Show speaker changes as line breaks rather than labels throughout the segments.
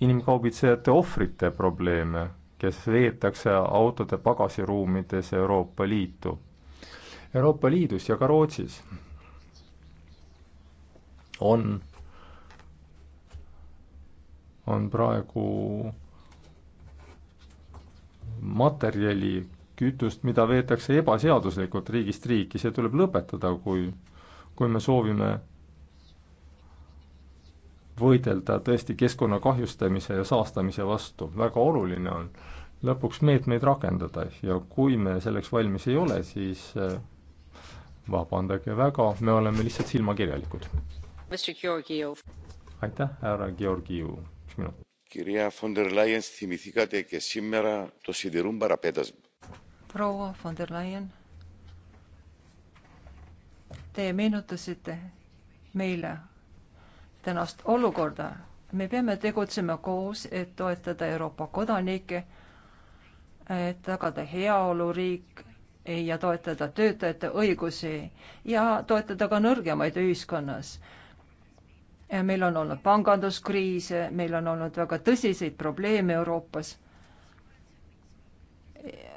inimkaubitsejate ohvrite probleeme, kes veetakse autode pagasiruumides Euroopa Liitu. Euroopa Liidus ja ka Rootsis on, on praegu materjali, kütust, mida veetakse ebaseaduslikult riigist riiki, see tuleb lõpetada, kui, kui me soovime võidelda tõesti keskkonna kahjustamise ja saastamise vastu. väga oluline on lõpuks meetmeid rakendada ja kui me selleks valmis ei ole, siis äh, vabandage väga, me oleme lihtsalt silmakirjalikud. aitäh, härra Georgiev, üks
minut. Κυρία Φοντερ Λάιεν, θυμηθήκατε και σήμερα το σιδηρούν παραπέτασμα.
Proua von der Leyen, te meenutasite meile tänast olukorda. me peame tegutsema koos, et toetada Euroopa kodanikke, et tagada heaoluriik ja toetada töötajate õigusi ja toetada ka nõrgemaid ühiskonnas. meil on olnud panganduskriise, meil on olnud väga tõsiseid probleeme Euroopas.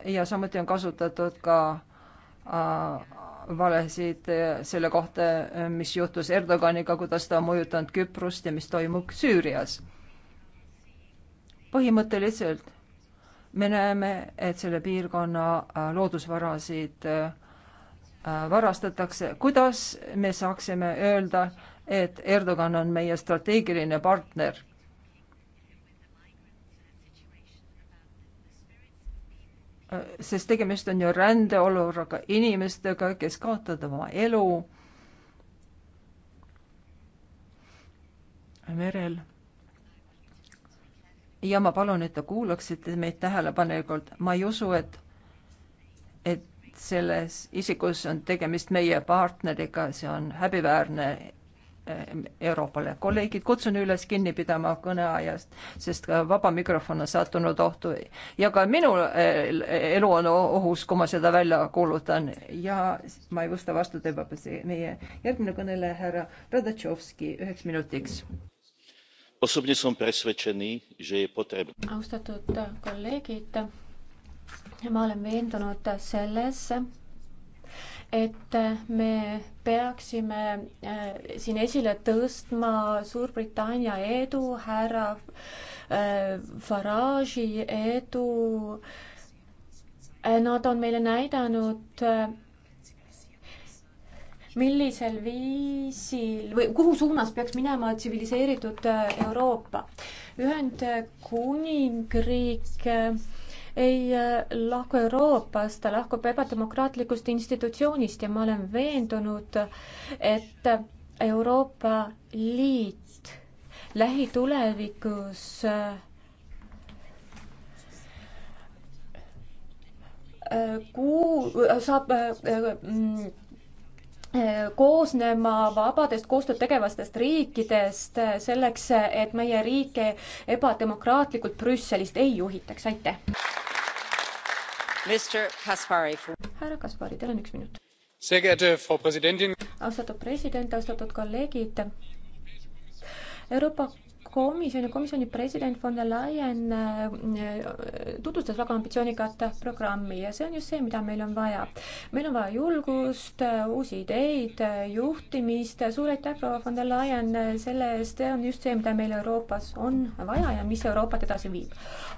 ja samuti on kasutatud ka äh, valesid eh, selle kohta, eh, mis juhtus Erdoganiga, kuidas ta on mõjutanud Küprost ja mis toimub Süürias. põhimõtteliselt me näeme, et selle piirkonna eh, loodusvarasid varastatakse. kuidas me saaksime öelda, et Erdogan on meie strateegiline partner? sest tegemist on ju rändeolukorraga inimestega, kes kaotavad oma elu merel. ja ma palun, et te kuulaksite meid tähelepanelikult, ma ei usu, et, et selles isikus on tegemist meie partneriga, see on häbiväärne Euroopale. kolleegid, kutsun üles kinni pidama kõneajast, sest ka vaba mikrofon on sattunud ohtu ja ka minu eh, elu on ohus, kui ma seda välja kuulutan ja ma ei võsta vastu tõepoolest meie järgmine kõneleja, härra Radatšovski, üheks minutiks.
austatud kolleegid, ma olen veendunud selles, et me peaksime äh, siin esile tõstma Suurbritannia edu, härra äh, Farage'i edu. Äh, nad on meile näidanud, millisel viisil või kuhu suunas peaks minema tsiviliseeritud Euroopa. Ühendkuningriik ei äh, lahku Euroopast, ta lahkub ebademokraatlikust institutsioonist ja ma olen veendunud, et Euroopa Liit lähitulevikus äh, kuu-, saab äh, koosnema vabadest koostööd tegevastest riikidest selleks, et meie riike ebademokraatlikult Brüsselist ei juhitaks, aitäh. härra Kaspari, teil on üks minut. austatud president, austatud kolleegid. Euroopa komisjon ja komisjoni president von der Leyen äh, tutvustas väga ambitsioonikat programmi ja see on just see, mida meil on vaja. meil on vaja julgust, äh, uusi ideid, äh, juhtimist, suur aitäh, proua von der Leyen, selle eest, see on just see, mida meil Euroopas on vaja ja mis Euroopat edasi viib.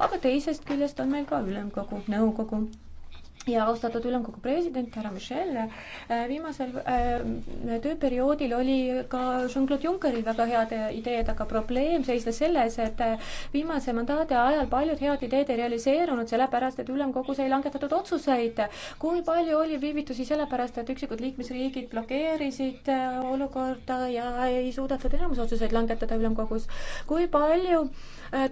aga teisest küljest on meil ka ülemkogu, nõukogu ja austatud ülemkogu president härra Michel, äh, viimasel äh, tööperioodil oli ka Jean-Claude Junckeril väga head ideed, aga probleem seisnes selles, et äh, viimase mandaadi ajal paljud head ideed ei realiseerunud, sellepärast et ülemkogus ei langetatud otsuseid. kui palju oli viivitusi sellepärast, et üksikud liikmesriigid blokeerisid olukorda ja ei suudetud enamus otsuseid langetada ülemkogus. kui palju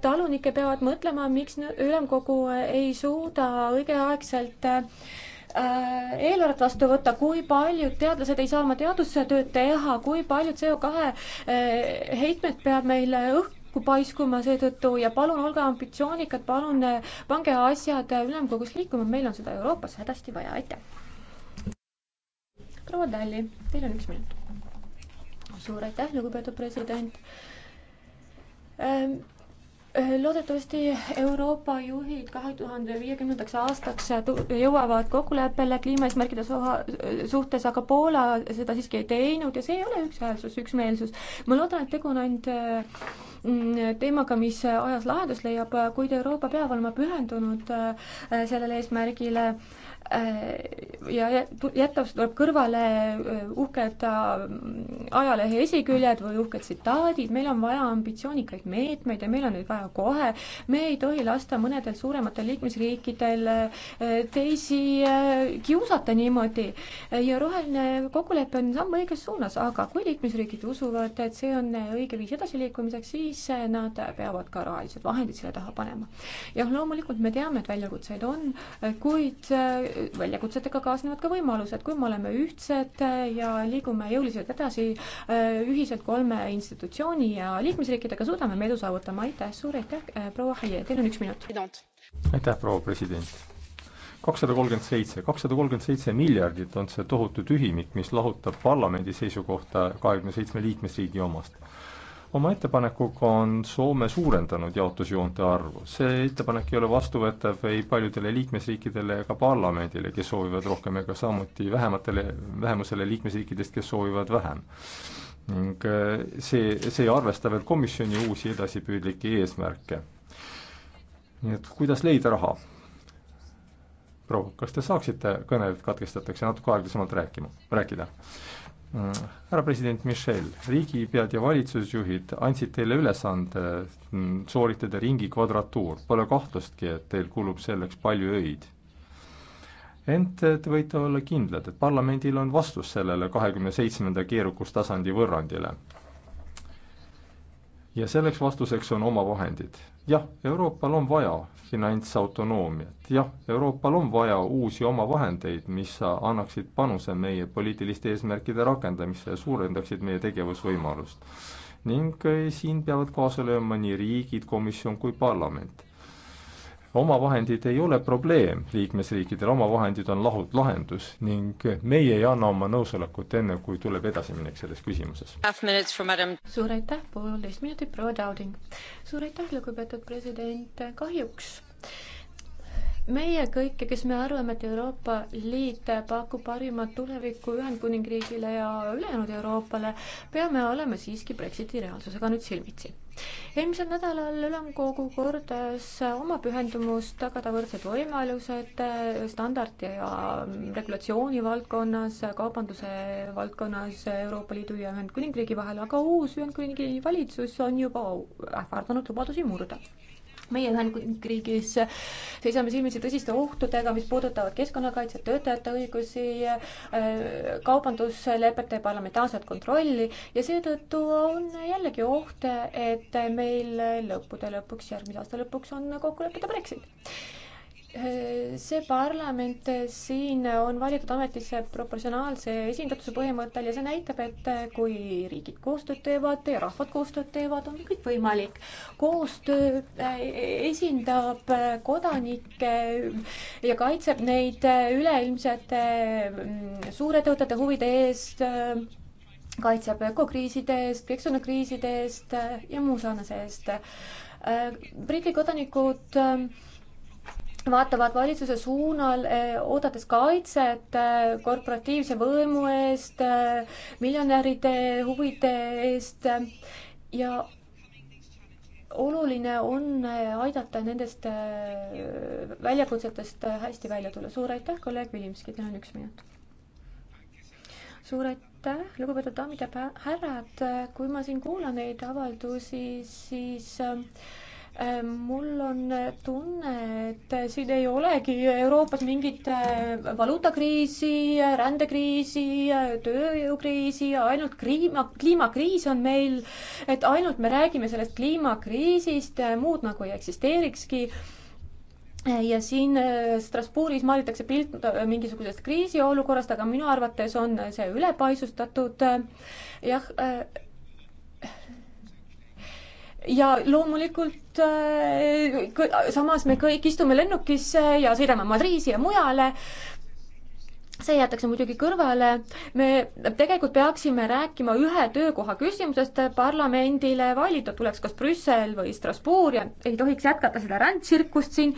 talunikke peavad mõtlema, miks ülemkogu ei suuda õigeaegselt Äh, eelarvet vastu võtta, kui paljud teadlased ei saa oma teadustööd teha, kui palju CO2 äh, heitmed peab meil õhku paiskuma seetõttu ja palun olge ambitsioonikad, palun äh, pange asjad ülemkogus liikuma, meil on seda Euroopas hädasti vaja, aitäh. proua Talli, teil on üks minut. suur aitäh, lugupeetud president Äh, loodetavasti Euroopa juhid kahe tuhande viiekümnendaks aastaks jõuavad kokkuleppele kliimaeesmärkide suhtes, aga Poola seda siiski ei teinud ja see ei ole ükshäälsus, üksmeelsus. ma loodan, et tegu on ainult äh, mm, teemaga, mis ajas lahendust leiab, kuid Euroopa peab olema pühendunud äh, sellele eesmärgile Äh, ja jätta tuleb kõrvale äh, uhked äh, ajalehe esiküljed või uhked tsitaadid, meil on vaja ambitsioonikaid meetmeid ja meil on neid vaja kohe. me ei tohi lasta mõnedel suurematel liikmesriikidel teisi kiusata niimoodi ja roheline kokkulepe on samm õiges suunas, aga kui liikmesriigid usuvad, et see on õige viis edasiliikumiseks, siis nad peavad ka rahalised vahendid selle taha panema. jah, loomulikult me teame, et väljakutseid on, kuid väljakutsetega kaasnevad ka võimalused, kui me oleme ühtsed ja liigume jõuliselt edasi äh, ühiselt kolme institutsiooni ja liikmesriikidega, suudame me edu saavutama, aitäh, suur aitäh, äh, proua Haie, teil on üks minut.
aitäh, proua president kakssada kolmkümmend seitse, kakssada kolmkümmend seitse miljardit on see tohutu tühimik, mis lahutab parlamendi seisukohta kahekümne seitsme liikmesriigi omast oma ettepanekuga on Soome suurendanud jaotusjoonte arvu. see ettepanek ei ole vastuvõetav ei paljudele liikmesriikidele ega parlamendile, kes soovivad rohkem, ega samuti vähematele, vähemusele liikmesriikidest, kes soovivad vähem. ning eh, see, see ei arvesta veel komisjoni uusi edasipüüdlikke eesmärke. nii et kuidas leida raha? proua, kas te saaksite, kõne katkestatakse, natuke aeglasemalt rääkima, rääkida? härra president Michel, riigipead ja valitsusjuhid andsid teile ülesande mm, sooritada ringi kvadratuur, pole kahtlustki, et teil kulub selleks palju öid. ent te võite olla kindlad, et parlamendil on vastus sellele kahekümne seitsmenda keerukustasandi võrrandile. ja selleks vastuseks on omavahendid jah, Euroopal on vaja finantsautonoomiat, jah, Euroopal on vaja uusi omavahendeid, mis annaksid panuse meie poliitiliste eesmärkide rakendamisse ja suurendaksid meie tegevusvõimalust. ning eh, siin peavad kaasa lööma nii riigid, komisjon kui parlament omavahendid ei ole probleem liikmesriikidel, omavahendid on lahu-, lahendus ning meie ei anna oma nõusolekut enne, kui tuleb edasiminek selles küsimuses.
suur aitäh, poolteist minutit, proua Tauding. suur aitäh, lugupeetud president, kahjuks meie kõike, kes me arvame, et Euroopa Liit pakub parimat tulevikku Ühendkuningriigile ja ülejäänud Euroopale, peame olema siiski Brexiti reaalsusega nüüd silmitsi eelmisel nädalal ülemkogu kordas oma pühendumust tagada võrdsed võimalused eh, standardi ja mm, regulatsiooni valdkonnas, kaubanduse valdkonnas Euroopa Liidu ja Ühendkuningriigi vahel, aga uus Ühendkuningriigi valitsus on juba ähvardanud lubadusi murda meie Ühendkuningriigis seisame silmitsi tõsiste ohtudega, mis puudutavad keskkonnakaitset, töötajate õigusi, äh, kaubanduslepete parlamentaarset kontrolli ja seetõttu on jällegi oht, et meil lõppude lõpuks, järgmise aasta lõpuks on kokkuleppeta Brexit see parlament siin on valitud ametisse proportsionaalse esindatuse põhimõttel ja see näitab, et kui riigid koostööd teevad ja rahvad koostööd teevad, on kõik võimalik. koostöö eh, esindab kodanikke ja kaitseb neid üleilmsete mm, suurettevõtete huvide eest, kaitseb ökokriiside eest, keskkonnakriiside eest ja muu sarnase eest. Eh, Briti kodanikud eh, vaatavad valitsuse suunal, eh, oodates kaitset eh, korporatiivse võimu eest, eh, miljonäride huvide eest ja oluline on aidata nendest väljakutsetest hästi välja tulla. suur aitäh, kolleeg Vilimski, teil on üks minut. suur aitäh, lugupeetud daamid ja härrad, kui ma siin kuulan neid avaldusi, siis äh, Äh, mul on tunne, et siin ei olegi Euroopas mingit äh, valuutakriisi, rändekriisi, tööjõukriisi, ainult kliima, kliimakriis on meil, et ainult me räägime sellest kliimakriisist, äh, muud nagu ei eksisteerikski ja siin Strasbourgis maalitakse pilt mingisugusest kriisiolukorrast, aga minu arvates on see ülepaisustatud. jah, ja loomulikult äh, samas me kõik istume lennukisse ja sõidame Madriisi ja mujale, see jäetakse muidugi kõrvale, me tegelikult peaksime rääkima ühe töökoha küsimusest parlamendile, valida tuleks kas Brüssel või Strasbourg ja ei tohiks jätkata seda rändtsirkust siin,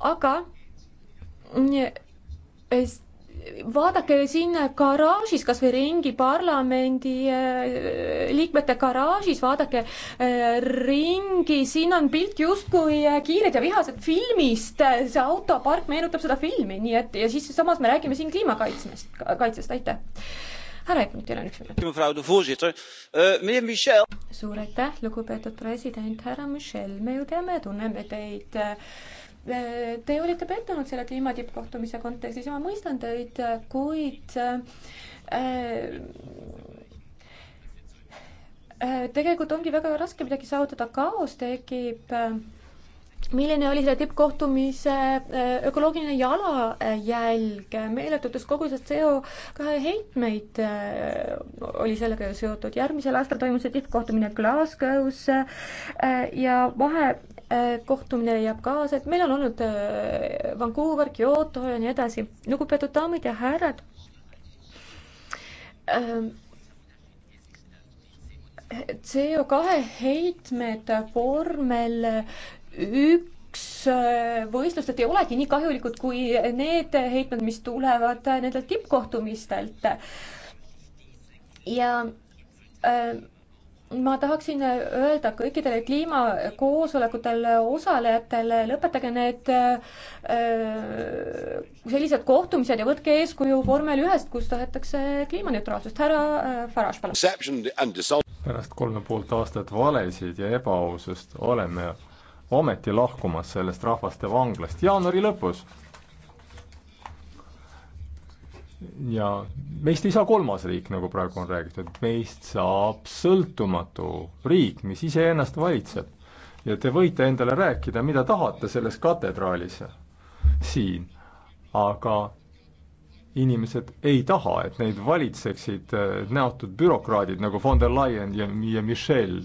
aga vaadake siin garaažis kas või ringi, parlamendi eh, liikmete garaažis, vaadake eh, ringi, siin on pilt justkui eh, Kiired ja vihased filmist, see autopark meenutab seda filmi, nii et ja siis samas me räägime siin kliimakaitsmist, kaitsest, aitäh. härra Eppnik, teil on üks minut. suur aitäh, lugupeetud president, härra Michel, me ju teame, tunneme teid äh, Te olite pettunud selle kliimatippkohtumise kontekstis ja ma mõistan teid, kuid äh, äh, tegelikult ongi väga raske midagi saavutada, kaos tekib. Äh, milline oli selle tippkohtumise ökoloogiline jalajälg, meeletutes koguses CO kahe heitmeid oli sellega ju seotud. järgmisel aastal toimus see tippkohtumine Glasgow's ja vahe Äh, kohtumine leiab kaasa, et meil on olnud äh, Vancouver, Kyoto ja nii edasi. lugupeetud daamid ja härrad. Ähm, CO kahe heitmed vormel üks üks äh, võistlustest ei olegi nii kahjulikud kui need heitmed, mis tulevad nendelt tippkohtumistelt. ja äh, ma tahaksin öelda kõikidele kliimakoosolekutel osalejatele, lõpetage need äh, sellised kohtumised ja võtke eeskuju vormel ühest, kus tahetakse kliimaneutraalsust. härra äh, Farage, palun.
pärast kolme poolt aastat valesid ja ebaausust oleme ometi lahkumas sellest rahvaste vanglast jaanuari lõpus ja meist ei saa kolmas riik, nagu praegu on räägitud, meist saab sõltumatu riik, mis iseennast valitseb. ja te võite endale rääkida, mida tahate selles katedraalis siin, aga inimesed ei taha, et neid valitseksid äh, näotud bürokraadid nagu von der Leyen ja, ja Michel.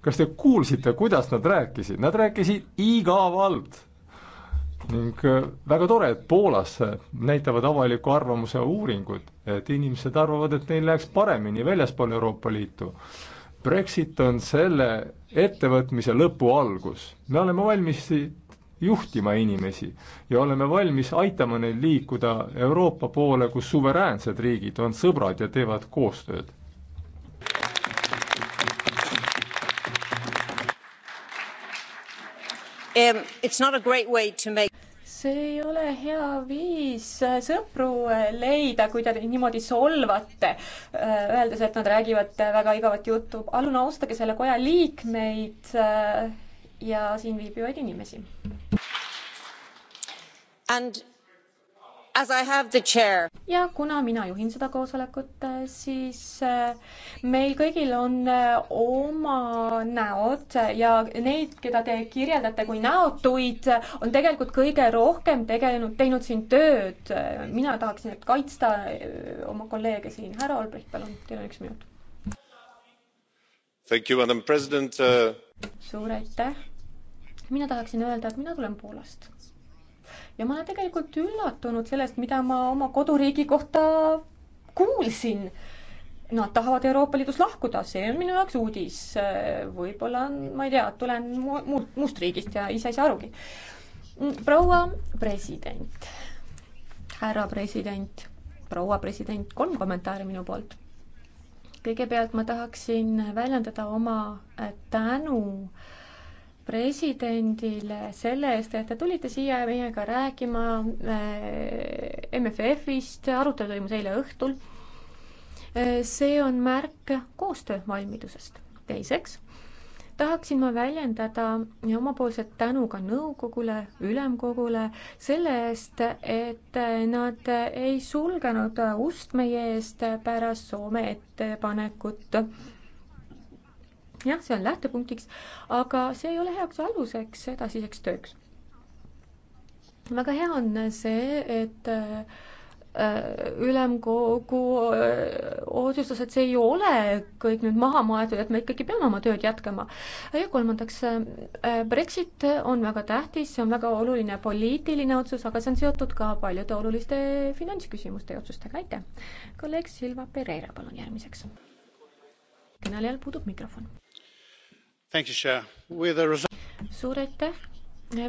kas te kuulsite, kuidas nad rääkisid? Nad rääkisid igavalt ning äh, väga tore, et Poolas äh, näitavad avaliku arvamuse uuringud, et inimesed arvavad, et neil läheks paremini väljaspool Euroopa Liitu. Brexit on selle ettevõtmise lõpu algus. me oleme valmis juhtima inimesi ja oleme valmis aitama neil liikuda Euroopa poole, kus suveräänsed riigid on sõbrad ja teevad koostööd.
Um, see ei ole hea viis äh, sõpru äh, leida, kui te niimoodi solvate, äh, öeldes, et nad räägivad väga igavat juttu. palun austage selle koja liikmeid ja siin viibivaid inimesi. And ja kuna mina juhin seda koosolekut, eh, siis eh, meil kõigil on eh, oma näod ja neid, keda te kirjeldate kui näotuid, on tegelikult kõige rohkem tegelenud, teinud siin tööd. mina tahaksin nüüd kaitsta oma kolleege siin. härra Olbricht, palun, teil on üks minut. suur aitäh. mina tahaksin öelda, et mina tulen Poolast ja ma olen tegelikult üllatunud sellest, mida ma oma koduriigi kohta kuulsin. Nad tahavad Euroopa Liidust lahkuda, see on minu jaoks uudis. võib-olla on, ma ei tea, tulen muust, muust riigist ja ise ei saa arugi. proua president, härra president, proua president, kolm kommentaari minu poolt. kõigepealt ma tahaksin väljendada oma äh, tänu äh, presidendile selle eest, et te tulite siia meiega rääkima äh, MFF-ist, arutelu toimus eile õhtul. Äh, see on märk koostöövalmidusest. teiseks tahaksin ma väljendada omapoolset tänu ka nõukogule, ülemkogule selle eest, et nad ei sulgenud ust meie eest pärast Soome ettepanekut jah, see on lähtepunktiks, aga see ei ole heaks aluseks edasiseks tööks. väga hea on see, et äh, ülemkogu äh, otsustas, et see ei ole kõik nüüd maha maetud, et me ikkagi peame oma tööd jätkama. ja kolmandaks, äh, Brexit on väga tähtis, see on väga oluline poliitiline otsus, aga see on seotud ka paljude oluliste finantsküsimuste ja otsustega, aitäh. kolleeg Silva Pereira, palun järgmiseks. kõnelejal puudub mikrofon suur aitäh!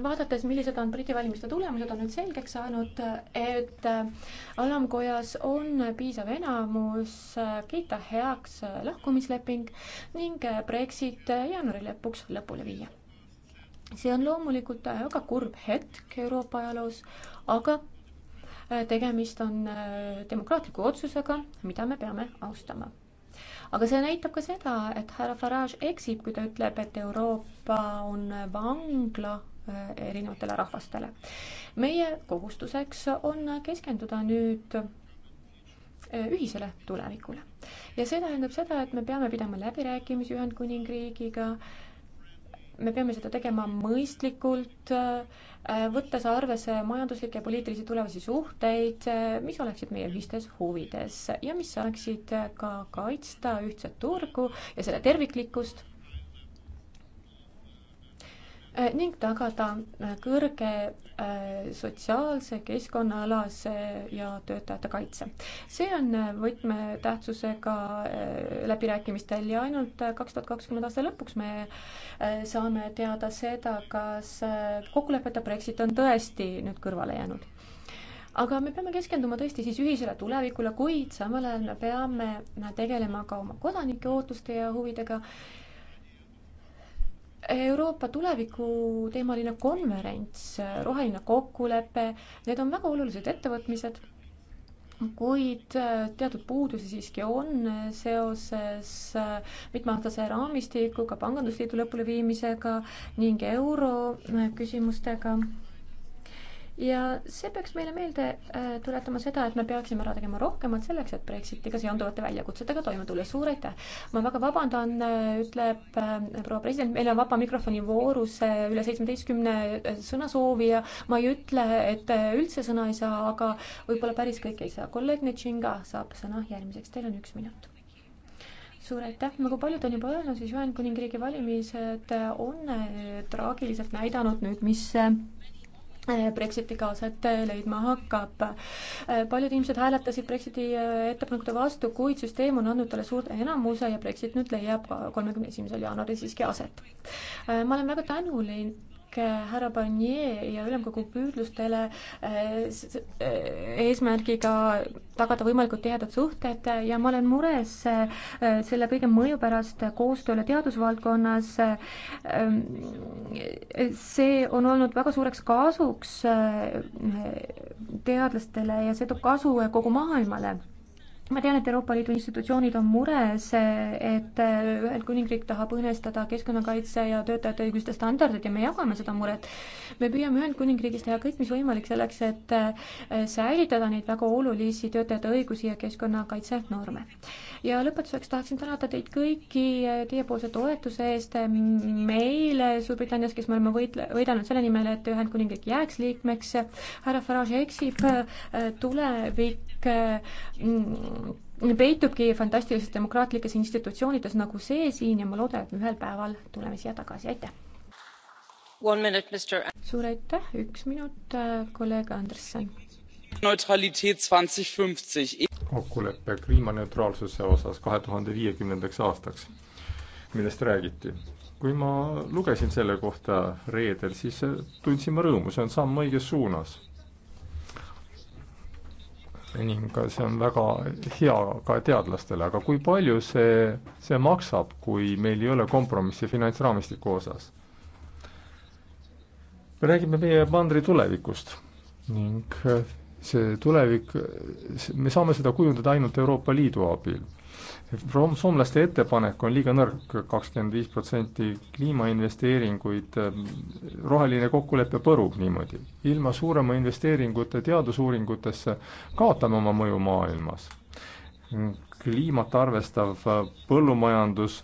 vaadates, millised on Briti valimiste tulemused, on nüüd selgeks saanud, et alamkojas on piisav enamus kiita heaks lahkumisleping ning Brexit jaanuari lõpuks lõpule viia. see on loomulikult väga kurb hetk Euroopa ajaloos, aga tegemist on demokraatliku otsusega, mida me peame austama aga see näitab ka seda, et härra Farage eksib, kui ta ütleb, et Euroopa on vangla äh, erinevatele rahvastele. meie kohustuseks on keskenduda nüüd äh, ühisele tulevikule ja see tähendab seda, et me peame pidama läbirääkimisi Ühendkuningriigiga äh, me peame seda tegema mõistlikult, äh, võttes arvesse majanduslikke ja poliitilisi tulevasi suhteid, äh, mis oleksid meie ühistes huvides ja mis saaksid äh, ka kaitsta ühtset turgu ja selle terviklikkust Äh, ning tagada äh, kõrge äh, sotsiaalse, keskkonnaalase ja töötajate kaitse. see on võtmetähtsusega läbirääkimistel ja ainult kaks tuhat kakskümmend aasta lõpuks me saame teada seda, kas kokkulepeta Brexit on tõesti nüüd kõrvale jäänud aga me peame keskenduma tõesti siis ühisele tulevikule, kuid samal ajal me peame tegelema ka oma kodanike ootuste ja huvidega Euroopa tuleviku teemaline konverents, roheline kokkulepe, need on väga olulised ettevõtmised, kuid äh, teatud puudusi siiski on seoses äh, mitmeaastase raamistikuga, pangandusliidu lõpuleviimisega ning euro äh, küsimustega ja see peaks meile meelde äh, tuletama seda, et me peaksime ära tegema rohkemat selleks, et Brexitiga seonduvate väljakutsetega toime tulla. suur aitäh! ma väga vabandan, äh, ütleb äh, proua president, meil on vaba mikrofoni voorus üle seitsmeteistkümne sõnasoovija. ma ei ütle, et üldse sõna ei saa, aga võib-olla päris kõik ei saa. kolleeg Netšinga saab sõna järgmiseks, teil on üks minut suur aitäh, nagu paljud on juba öelnud, siis Ühendkuningriigi valimised on traagiliselt näidanud nüüd, mis Äh, Brexiti kaaset äh, leidma hakkab. Äh, paljud inimesed hääletasid Brexiti ettepanekute vastu, kuid süsteem on andnud talle suure enamuse ja Brexit nüüd leiab kolmekümne esimesel jaanuaril siiski aset. ma olen väga tänulik kõik eh, härra Barnier ja ülemkogu püüdlustele eh, eh, eesmärgiga tagada võimalikult tihedad suhted ja ma olen mures selle kõige mõju pärast koostööle teadusvaldkonnas. see on olnud väga suureks kasuks teadlastele ja see toob kasu kogu maailmale ma tean, et Euroopa Liidu institutsioonid on mures, et Ühendkuningriik tahab õõnestada keskkonnakaitse ja töötajate õiguste standardid ja me jagame seda muret. me püüame Ühendkuningriigis teha kõik, mis võimalik selleks, et säilitada neid väga olulisi töötajate õigusi ja keskkonnakaitse norme ja lõpetuseks tahaksin tänada teid kõiki teiepoolse toetuse eest meile Suurbritannias, kes me oleme võitle-, võidelnud selle nimel, et Ühendkuningriik jääks liikmeks. härra Farage eksib, tulevik mm, peitubki fantastilises demokraatlikes institutsioonides nagu see siin ja ma loodan, et me ühel päeval tuleme siia tagasi, aitäh! suur aitäh, üks minut, kolleeg Andresson
kokkulepe kliimaneutraalsuse osas kahe tuhande viiekümnendaks aastaks, millest räägiti. kui ma lugesin selle kohta reedel, siis tundsin ma rõõmu, see on samm õiges suunas. ning see on väga hea ka teadlastele, aga kui palju see, see maksab, kui meil ei ole kompromissi finantsraamistiku osas? me räägime meie mandri tulevikust ning see tulevik, me saame seda kujundada ainult Euroopa Liidu abil. soomlaste ettepanek on liiga nõrk, kakskümmend viis protsenti kliimainvesteeringuid, roheline kokkulepe põrub niimoodi. ilma suurema investeeringuta teadusuuringutesse kaotame oma mõju maailmas kliimat arvestav põllumajandus,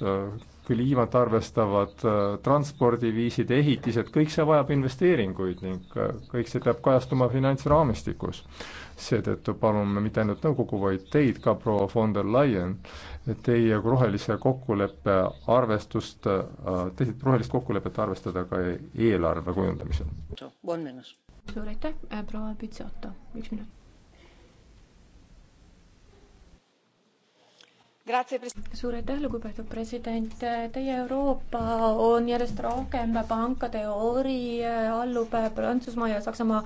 kliimat arvestavad äh, transpordiviisid, ehitised, kõik see vajab investeeringuid ning äh, kõik see peab kajastuma finantsraamistikus. seetõttu palume mitte ainult nõukogu, vaid teid ka, proua von der Leyen, teie rohelise kokkuleppe arvestust, äh, rohelist kokkulepet arvestada ka eelarve kujundamisel.
suur aitäh, proua Pitsoto, üks minut suur aitäh, lugupeetud president. Teie Euroopa on järjest rohkem pankade ori, eh, allub eh, Prantsusmaa ja Saksamaa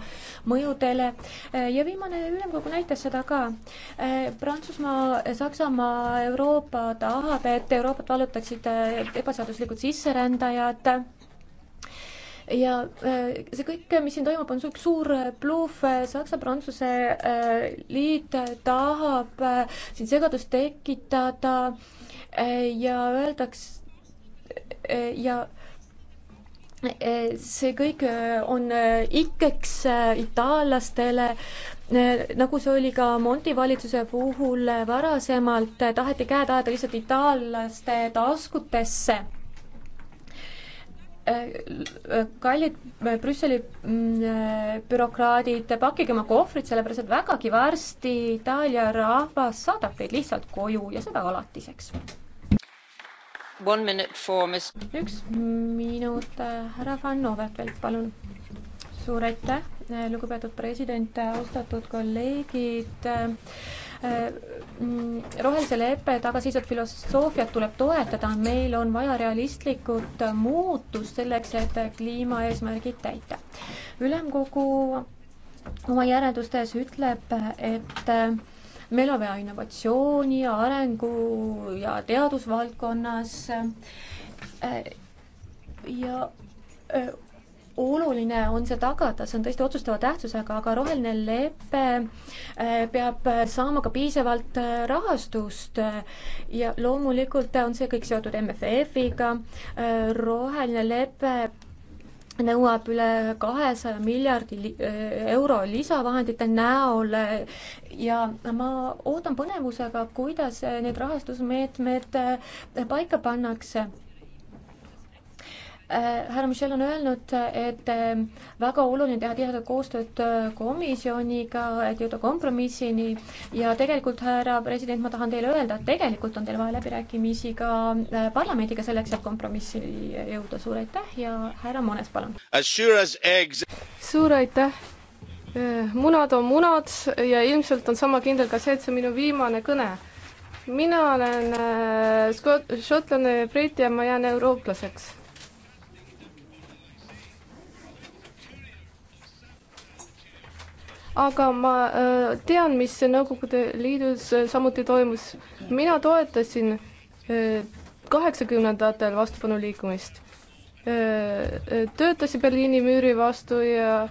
mõjudele eh, ja viimane ülemkogu näitas seda ka. Prantsusmaa, Saksamaa, Euroopa tahab, et Euroopat vallutaksid ebaseaduslikud sisserändajad ja äh, see kõik, mis siin toimub, on üks suur äh, bluff, Saksa-Prantsuse äh, liit tahab siin segadust tekitada ja öeldakse ja see kõik on ikkeks itaallastele, nagu see oli ka Monti valitsuse puhul varasemalt, taheti käed ajada lihtsalt itaallaste taskutesse Äh, äh, kallid äh, Brüsseli mm, bürokraadid, pakkige oma kohvrid, sellepärast et vägagi varsti Itaalia rahvas saadab teid lihtsalt koju ja seda alatiseks. üks minut, härra Van Overtvelt, palun. suur aitäh, lugupeetud president, austatud kolleegid Äh, mm, rohelise leppe taga seisvat filosoofiat tuleb toetada, meil on vaja realistlikult äh, muutust selleks, et äh, kliimaeesmärgid täita. ülemkogu oma järeldustes ütleb, et meil on vaja innovatsiooni ja arengu ja teadusvaldkonnas ja oluline on see tagada, see on tõesti otsustava tähtsusega, aga roheline lepe äh, peab äh, saama ka piisavalt äh, rahastust ja loomulikult on see kõik seotud MFF-iga, roheline lepe nõuab üle kahesaja miljardi li euro lisavahendite näol ja ma ootan põnevusega, kuidas need rahastusmeetmed paika pannakse Äh, härra Michel on öelnud, et äh, väga oluline teha tihedat koostööd äh, komisjoniga, et jõuda kompromissini ja tegelikult, härra president, ma tahan teile öelda, et tegelikult on teil vaja läbirääkimisi ka parlamendiga selleks, et kompromissi jõuda. suur aitäh ja härra Mones, palun.
suur aitäh. munad on munad ja ilmselt on sama kindel ka see, et see on minu viimane kõne mina olen äh, Šotlane, Briti ja ma jään eurooplaseks aga ma äh, tean, mis Nõukogude Liidus äh, samuti toimus. mina toetasin äh, kaheksakümnendatel vastupanu liikumist. töötasin Berliini müüri vastu ja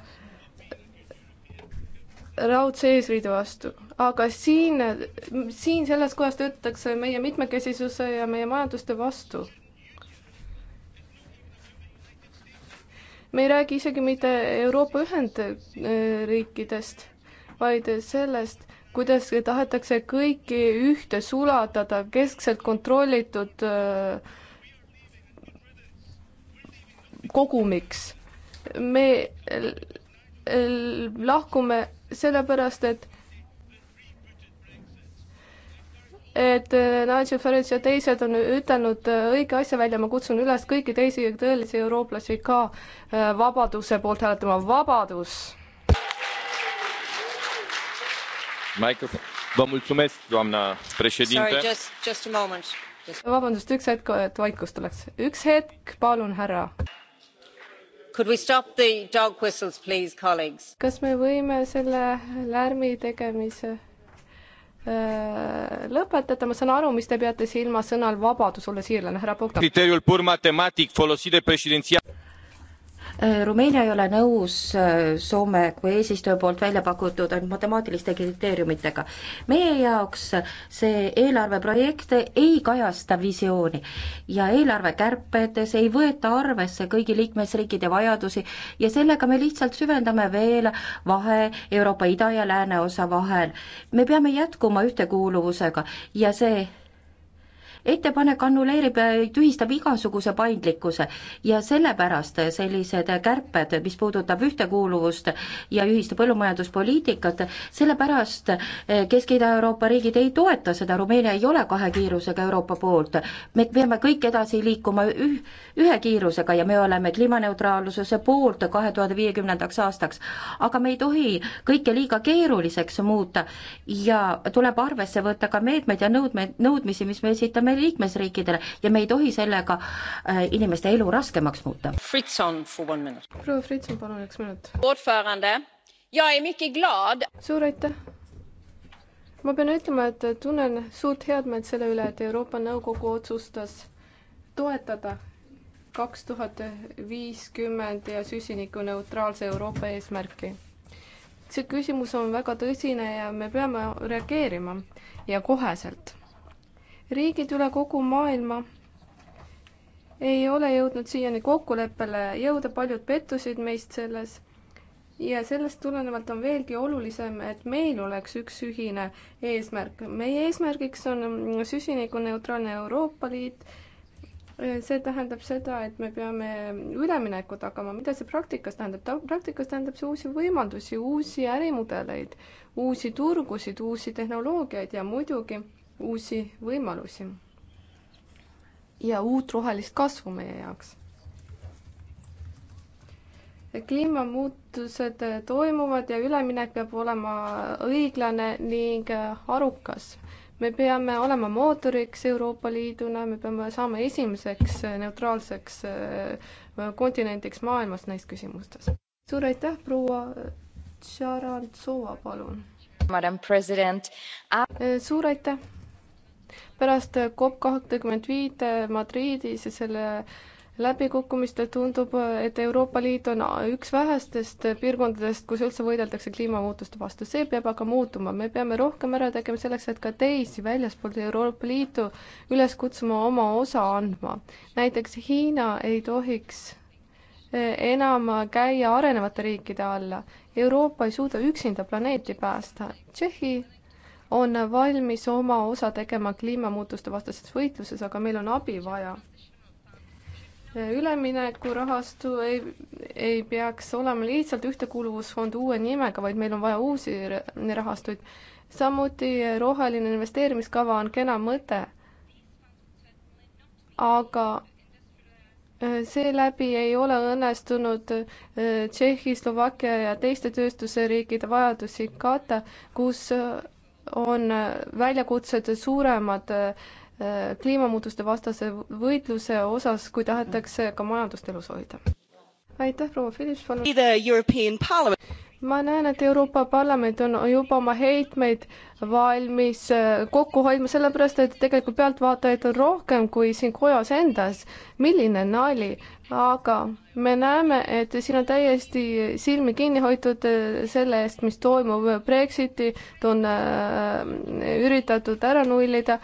raudse eesriide vastu, aga siin, siin selles kohas töötatakse meie mitmekesisuse ja meie majanduste vastu me ei räägi isegi mitte Euroopa Ühendriikidest, vaid sellest, kuidas tahetakse kõiki ühte sulatada keskselt kontrollitud äh, kogumiks. me lahkume sellepärast, et et äh, Nigel Farage ja teised on ütelnud äh, õige asja välja, ma kutsun üles kõiki teisi tõelisi eurooplasi ka äh, vabaduse poolt hääletama, vabadus! vabandust, üks hetk, et vaikust oleks. üks hetk, palun, härra. kas me võime selle lärmi tegemise Äh, lõpetada, ma saan aru, mis te peate silmas sõnal
vabadus, olla siirlane, härra
Bogdan.
Rumeenia ei ole nõus äh, Soome kui eesistuja poolt välja pakutud ainult matemaatiliste kriteeriumitega. meie jaoks see eelarveprojekt ei kajasta visiooni ja eelarvekärpedes ei võeta arvesse kõigi liikmesriikide vajadusi ja sellega me lihtsalt süvendame veel vahe Euroopa ida ja lääne osa vahel. me peame jätkuma ühtekuuluvusega ja see ettepanek annuleerib, äh, tühistab igasuguse paindlikkuse ja sellepärast sellised kärped, mis puudutab ühtekuuluvust ja ühist põllumajanduspoliitikat, sellepärast äh, Kesk-Ida-Euroopa riigid ei toeta seda, Rumeenia ei ole kahe kiirusega Euroopa poolt. me peame kõik edasi liikuma üh-, ühe kiirusega ja me oleme kliimaneutraalsuse poolt kahe tuhande viiekümnendaks aastaks. aga me ei tohi kõike liiga keeruliseks muuta ja tuleb arvesse võtta ka meetmed ja nõudmed, nõudmisi, mis me esitame me liikmesriikidele ja me ei tohi sellega äh, inimeste elu raskemaks muuta.
proua Fritson, palun üks minut. suur aitäh ma pean ütlema, et tunnen suurt headmeelt selle üle, et Euroopa Nõukogu otsustas toetada kaks tuhat viiskümmend ja süsinikuneutraalse Euroopa eesmärki. see küsimus on väga tõsine ja me peame reageerima ja koheselt riigid üle kogu maailma ei ole jõudnud siiani kokkuleppele jõuda, paljud pettusid meist selles ja sellest tulenevalt on veelgi olulisem, et meil oleks üks ühine eesmärk. meie eesmärgiks on süsinikuneutraalne Euroopa Liit. see tähendab seda, et me peame ülemineku tagama, mida see praktikas tähendab? ta praktikas tähendab see uusi võimalusi, uusi ärimudeleid, uusi turgusid, uusi tehnoloogiaid ja muidugi uusi võimalusi ja uut rohelist kasvu meie jaoks. kliimamuutused toimuvad ja üleminek peab olema õiglane ning arukas. me peame olema mootoriks Euroopa Liiduna, me peame saama esimeseks neutraalseks äh, kontinendiks maailmas neis küsimustes. suur aitäh, proua Tšarantsova, palun. Äh, suur aitäh pärast COP kakskümmend viit Madridis ja selle läbikukkumist tundub, et Euroopa Liit on üks vähestest piirkondadest, kus üldse võideldakse kliimamuutuste vastu. see peab aga muutuma, me peame rohkem ära tegema selleks, et ka teisi väljaspoolt Euroopa Liitu üles kutsuma oma osa andma. näiteks Hiina ei tohiks enam käia arenevate riikide alla. Euroopa ei suuda üksinda planeeti päästa. Tšehhi on valmis oma osa tegema kliimamuutuste vastases võitluses, aga meil on abi vaja. üleminekurahastu ei, ei peaks olema lihtsalt ühtekuuluvusfond uue nimega, vaid meil on vaja uusi rahastuid. samuti roheline investeerimiskava on kena mõte, aga äh, seeläbi ei ole õnnestunud äh, Tšehhi, Slovakkia ja teiste tööstusriikide vajadusi katta, kus äh, on äh, väljakutsed suuremad äh, kliimamuutuste vastase võitluse osas, kui tahetakse ka majandust elus hoida. aitäh, proua Phillips, palun! ma näen, et Euroopa Parlament on juba oma heitmeid valmis äh, kokku hoidma, sellepärast et tegelikult pealtvaatajaid on rohkem kui siin kojas endas. milline nali, aga me näeme, et siin on täiesti silmi kinni hoitud äh, selle eest, mis toimub Brexitit, on äh, üritatud ära nullida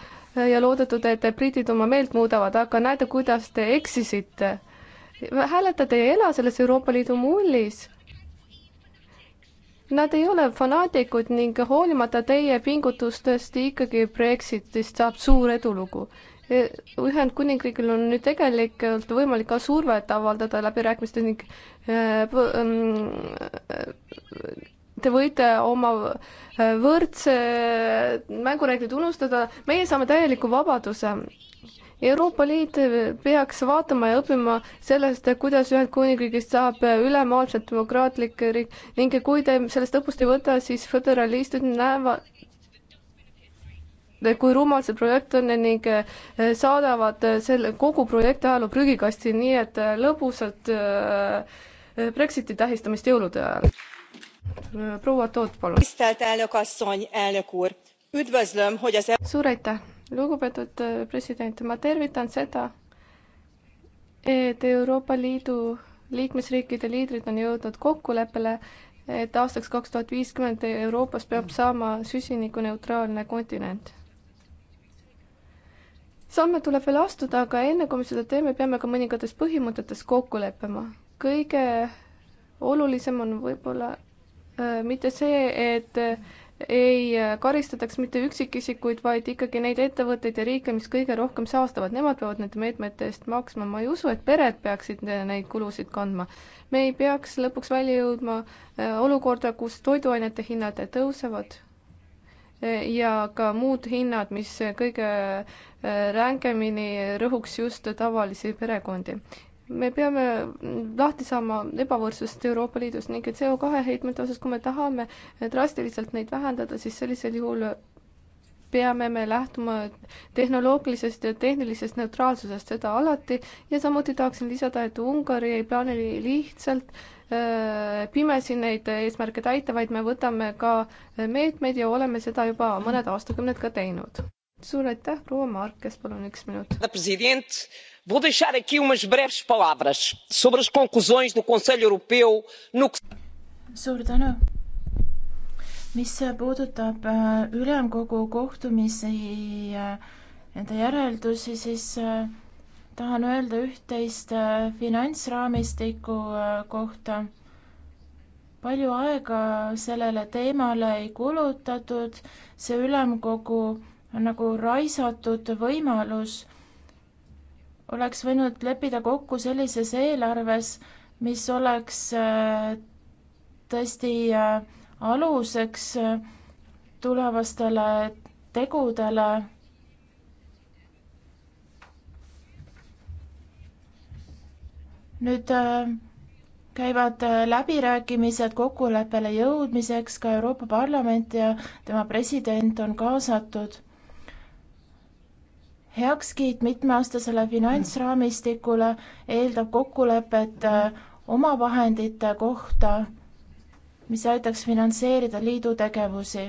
ja loodetud, et britid oma meelt muudavad, aga näete, kuidas te eksisite. hääletajad ei ela selles Euroopa Liidu mullis Nad ei ole fanaatikud ning hoolimata teie pingutustest ikkagi Brexitist saab suur edulugu. E, Ühendkuningriigil on nüüd tegelikult võimalik ka survet avaldada läbirääkimistes ning e, e, te võite oma võrdse mängureeglid unustada, meie saame täieliku vabaduse Euroopa Liit peaks vaatama ja õppima sellest, kuidas Ühendkuningriigist saab ülemaailmselt demokraatlik riik ning kui te sellest õppust ei võta, siis föderalistid näevad, kui rumal see projekt on ning saadavad selle kogu projekti ajaloo prügikasti, nii et lõbusalt äh, Brexiti tähistamist jõulude ajal. proua Toot, palun. suur aitäh lugupeetud äh, president, ma tervitan seda, et Euroopa Liidu liikmesriikide liidrid on jõudnud kokkuleppele, et aastaks kaks tuhat viiskümmend Euroopas peab saama süsinikuneutraalne kontinent. samme tuleb veel astuda, aga enne kui me seda teeme, peame ka mõningates põhimõtetes kokku leppima. kõige olulisem on võib-olla äh, mitte see, et ei karistataks mitte üksikisikuid, vaid ikkagi neid ettevõtteid ja riike, mis kõige rohkem saastavad, nemad peavad nende meetmete eest maksma, ma ei usu, et pered peaksid neid kulusid kandma. me ei peaks lõpuks välja jõudma äh, olukorda, kus toiduainete hinnad tõusevad äh, ja ka muud hinnad, mis kõige äh, rängemini rõhuks just tavalisi perekondi me peame lahti saama ebavõrdsust Euroopa Liidus ning CO2 heitmete osas, kui me tahame drastiliselt neid vähendada, siis sellisel juhul peame me lähtuma tehnoloogilisest ja tehnilisest neutraalsusest, seda alati, ja samuti tahaksin lisada, et Ungari ei plaani lihtsalt äh, pimesi neid eesmärke täita, vaid me võtame ka meetmeid ja oleme seda juba mõned aastakümned ka teinud suur aitäh, proua Markes, palun üks
minut.
Vou deixar aqui umas breves palavras sobre as conclusões do Conselho Europeu no que. Suur tänu. mis puudutab äh, ülemkogu kohtumisi ja äh, nende järeldusi, siis äh, tahan öelda üht-teist finantsraamistiku kohta. palju aega sellele teemale ei kulutatud, see ülemkogu on nagu raisatud võimalus. oleks võinud leppida kokku sellises eelarves, mis oleks äh, tõesti äh, aluseks äh, tulevastele tegudele. nüüd käivad läbirääkimised kokkuleppele jõudmiseks, ka Euroopa Parlament ja tema president on kaasatud heakskiit mitmeaastasele finantsraamistikule eeldab kokkulepet äh, omavahendite kohta, mis aitaks finantseerida liidu tegevusi.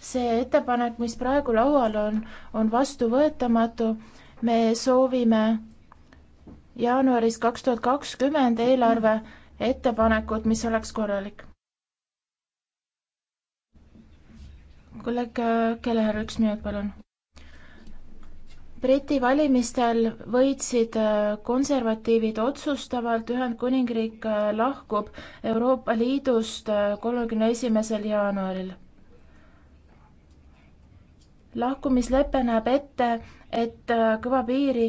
see ettepanek, mis praegu laual on, on vastuvõetamatu. me soovime jaanuaris kaks tuhat kakskümmend eelarve ettepanekut, mis oleks korralik. kolleeg äh, Keller, üks minut, palun. Briti valimistel võitsid äh, konservatiivid otsustavalt, Ühendkuningriik äh, lahkub Euroopa Liidust äh, kolmekümne esimesel jaanuaril. lahkumislepe näeb ette, et kõva piiri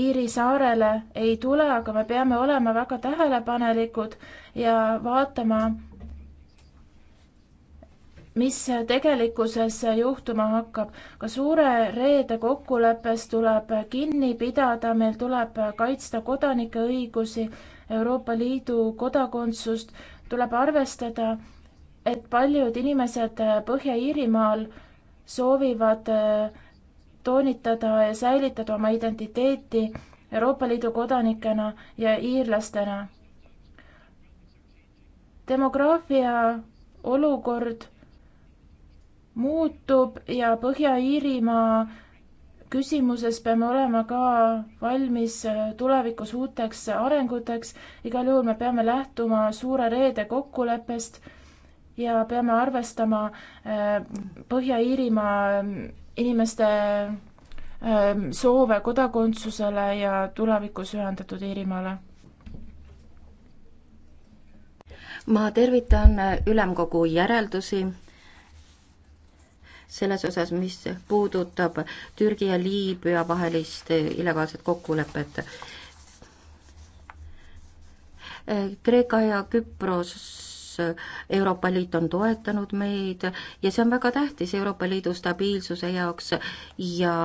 Iiri saarele ei tule, aga me peame olema väga tähelepanelikud ja vaatama, mis tegelikkuses juhtuma hakkab. ka suure reede kokkuleppest tuleb kinni pidada, meil tuleb kaitsta kodanike õigusi, Euroopa Liidu kodakondsust, tuleb arvestada, et paljud inimesed Põhja-Iirimaal soovivad äh, toonitada ja säilitada oma identiteeti Euroopa Liidu kodanikena ja iirlastena. demograafia olukord muutub ja Põhja-Iirimaa küsimuses peame olema ka valmis äh, tulevikus uuteks arenguteks. igal juhul me peame lähtuma Suure Reede kokkuleppest ja peame arvestama äh, Põhja-Iirimaa äh, inimeste soove kodakondsusele ja tulevikus ühendatud Iirimaale.
ma tervitan ülemkogu järeldusi selles osas, mis puudutab Türgi ja Liibüa vahelist illegaalset kokkulepet. Kreeka ja Küpros Euroopa Liit on toetanud meid ja see on väga tähtis Euroopa Liidu stabiilsuse jaoks ja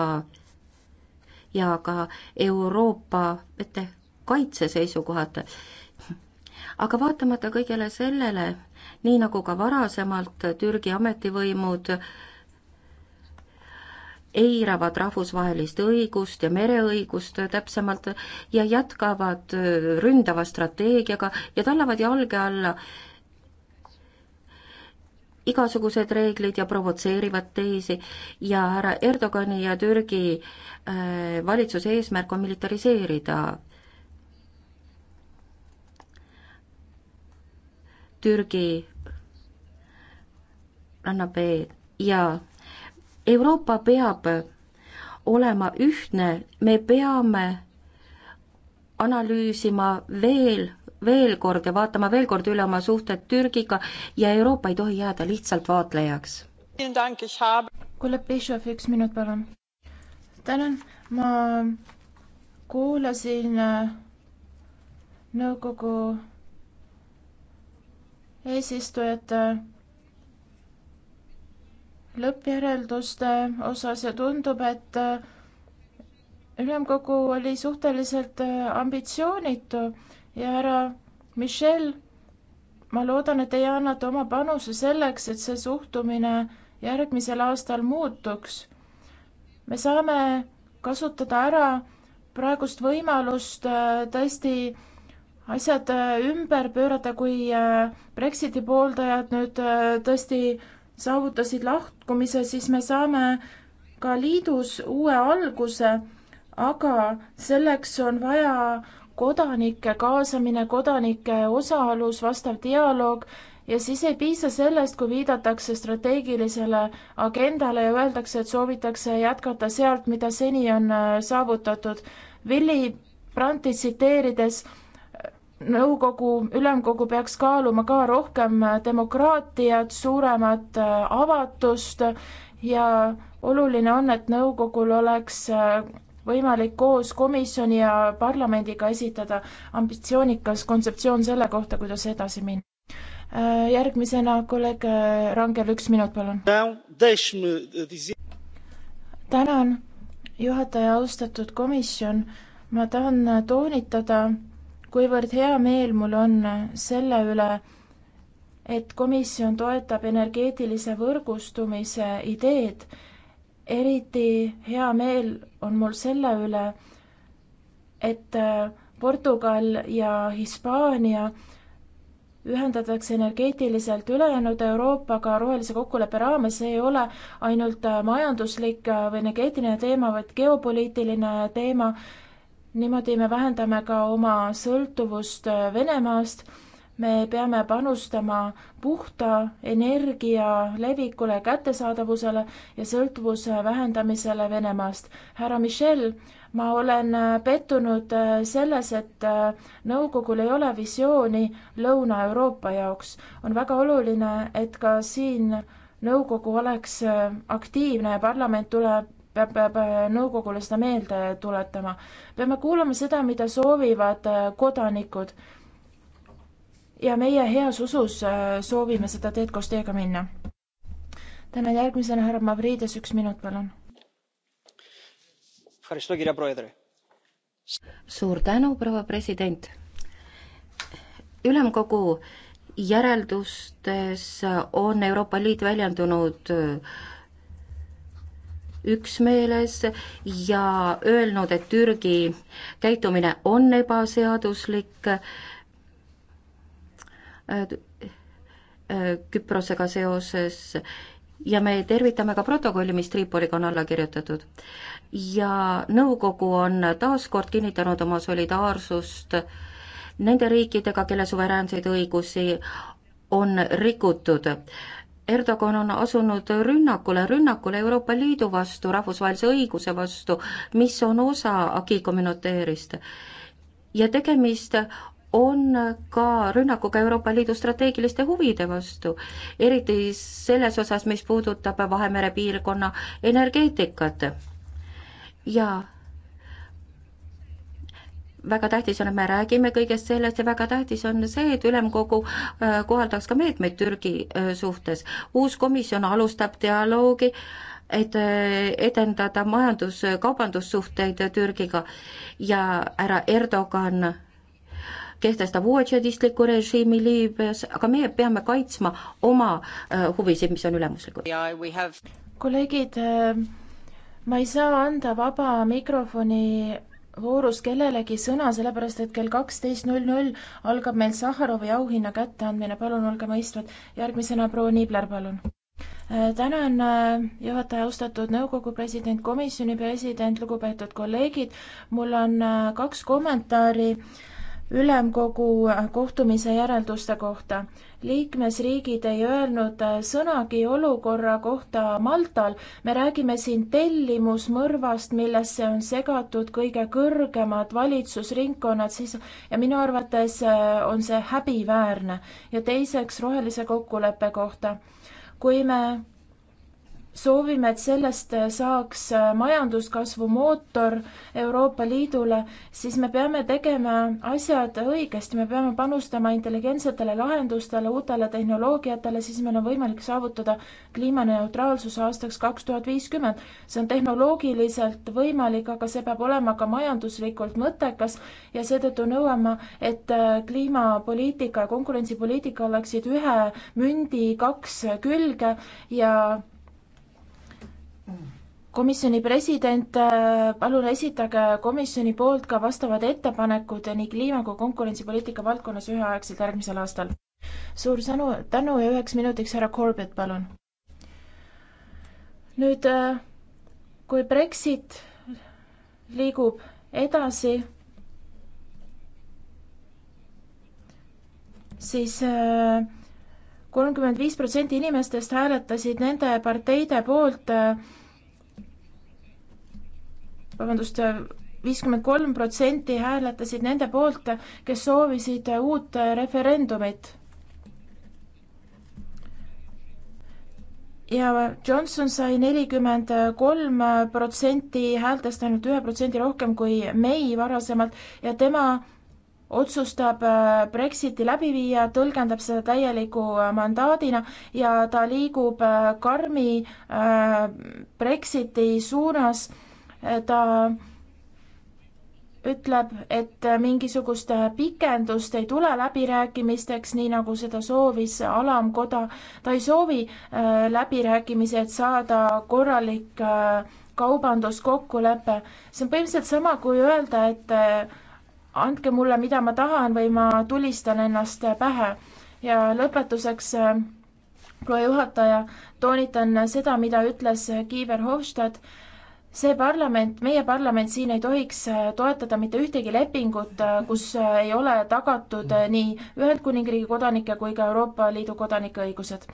ja ka Euroopa mitte kaitse seisukohad. aga vaatamata kõigele sellele, nii nagu ka varasemalt Türgi ametivõimud eiravad rahvusvahelist õigust ja mereõigust täpsemalt ja jätkavad äh, ründava strateegiaga ja tallavad jalge alla igasugused reeglid ja provotseerivad teisi ja härra Erdogani ja Türgi äh, valitsuse eesmärk on militariseerida Türgi rannapee ja Euroopa peab olema ühtne, me peame analüüsima veel, veel kord ja vaatama veel kord üle oma suhted Türgiga ja Euroopa ei tohi jääda lihtsalt vaatlejaks.
kuule, Plešov, üks minut, palun. tänan, ma kuulasin äh, nõukogu eesistujate äh, lõppjärelduste osas ja tundub, et äh, ülemkogu oli suhteliselt äh, ambitsioonitu ja härra Michel, ma loodan, et teie annate oma panuse selleks, et see suhtumine järgmisel aastal muutuks. me saame kasutada ära praegust võimalust äh, tõesti asjad ümber pöörata, kui Brexiti pooldajad nüüd tõesti saavutasid lahkumise, siis me saame ka liidus uue alguse, aga selleks on vaja kodanike kaasamine, kodanike osalus, vastav dialoog ja siis ei piisa sellest, kui viidatakse strateegilisele agendale ja öeldakse, et soovitakse jätkata sealt, mida seni on äh, saavutatud. Willie Brandti tsiteerides nõukogu, ülemkogu peaks kaaluma ka rohkem demokraatiat, suuremat äh, avatust ja oluline on, et nõukogul oleks äh, võimalik koos komisjoni ja parlamendiga esitada ambitsioonikas kontseptsioon selle kohta, kuidas edasi minna. Äh, järgmisena kolleeg Rangel, üks minut, palun. tänan, juhataja, austatud komisjon, ma tahan toonitada, kuivõrd hea meel mul on selle üle, et komisjon toetab energeetilise võrgustumise ideed. eriti hea meel on mul selle üle, et äh, Portugal ja Hispaania ühendatakse energeetiliselt ülejäänud Euroopaga rohelise kokkuleppe raames, see ei ole ainult äh, majanduslik äh, või energeetiline teema, vaid geopoliitiline teema niimoodi me vähendame ka oma sõltuvust äh, Venemaast. me peame panustama puhta energia levikule, kättesaadavusele ja sõltuvuse vähendamisele Venemaast. härra Michel, ma olen äh, pettunud äh, selles, et nõukogul ei ole visiooni Lõuna-Euroopa jaoks. on väga oluline, et ka siin nõukogu oleks aktiivne ja parlament tuleb peab, peab äh, nõukogule seda meelde tuletama. peame kuulama seda, mida soovivad äh, kodanikud. ja meie heas usus äh, soovime seda teed koos teiega minna. tänan järgmisena, härra Mavrides, üks minut, palun.
suur tänu, proua president. ülemkogu järeldustes on Euroopa Liit väljendunud äh, üksmeeles ja öelnud, et Türgi käitumine on ebaseaduslik. Äh, Küprosega seoses ja me tervitame ka protokolli, mis Tripoliga on alla kirjutatud. ja nõukogu on taas kord kinnitanud oma solidaarsust nende riikidega, kelle suveräänseid õigusi on rikutud. Erdogan on asunud rünnakule, rünnakule Euroopa Liidu vastu, rahvusvahelise õiguse vastu, mis on osa Agi kommenteerist. ja tegemist on ka rünnakuga Euroopa Liidu strateegiliste huvide vastu, eriti selles osas, mis puudutab Vahemere piirkonna energeetikat. ja väga tähtis on, et me räägime kõigest sellest ja väga tähtis on see, et ülemkogu äh, kohaldaks ka meetmeid Türgi äh, suhtes. uus komisjon alustab dialoogi, et äh, edendada majandus-kaubandussuhteid Türgiga ja härra Erdogan kehtestab uue džihadistliku režiimi Liibüas, aga meie peame kaitsma oma huvisid, mis on ülemuslikud
have....
kolleegid, ma ei saa anda vaba mikrofoni voorus kellelegi sõna, sellepärast et kell kaksteist null null algab meil Sahharovi auhinna kätteandmine, palun olge mõistvad. järgmisena proua Niibler, palun. Äh, tänan, äh, juhataja, austatud nõukogu president, komisjoni president, lugupeetud kolleegid. mul on äh, kaks kommentaari ülemkogu kohtumise järelduste kohta liikmesriigid ei öelnud äh, sõnagi olukorra kohta Maltal. me räägime siin tellimusmõrvast, millesse on segatud kõige kõrgemad valitsusringkonnad, siis ja minu arvates äh, on see häbiväärne. ja teiseks rohelise kokkuleppe kohta. kui me soovime, et sellest äh, saaks äh, majanduskasvu mootor Euroopa Liidule, siis me peame tegema asjad õigesti, me peame panustama intelligentsetele lahendustele, uutele tehnoloogiatele, siis meil on võimalik saavutada kliimaneutraalsus aastaks kaks tuhat viiskümmend. see on tehnoloogiliselt võimalik, aga see peab olema ka majanduslikult mõttekas ja seetõttu nõuame, et äh, kliimapoliitika ja konkurentsipoliitika oleksid ühe mündi kaks külge ja komisjoni president, äh, palun esitage komisjoni poolt ka vastavad ettepanekud nii kliima kui konkurentsipoliitika valdkonnas üheaegselt järgmisel aastal. suur sõnu, tänu ja üheks minutiks härra Corbett, palun. nüüd, äh, kui Brexit liigub edasi, siis äh, kolmkümmend viis protsenti inimestest hääletasid nende parteide poolt, äh, vabandust, äh, viiskümmend kolm protsenti hääletasid nende poolt, kes soovisid uut referendumit. ja Johnson sai nelikümmend kolm protsenti häältest ainult ühe protsendi rohkem kui May varasemalt ja tema otsustab äh, Brexiti läbi viia, tõlgendab seda täieliku äh, mandaadina ja ta liigub äh, karmi Brexiti suunas. ta ütleb, et mingisugust pikendust ei tule läbirääkimisteks, nii nagu seda soovis alamkoda. ta ei soovi läbirääkimisi, et saada korralik kaubanduskokkulepe. see on põhimõtteliselt sama, kui öelda, et andke mulle, mida ma tahan või ma tulistan ennast pähe. ja lõpetuseks, äh, proua juhataja, toonitan seda, mida ütles Kiiver Hofstad, see parlament, meie parlament siin ei tohiks äh, toetada mitte ühtegi lepingut, äh, kus ei ole tagatud nii Ühendkuningriigi kodanike kui ka Euroopa Liidu kodanike õigused.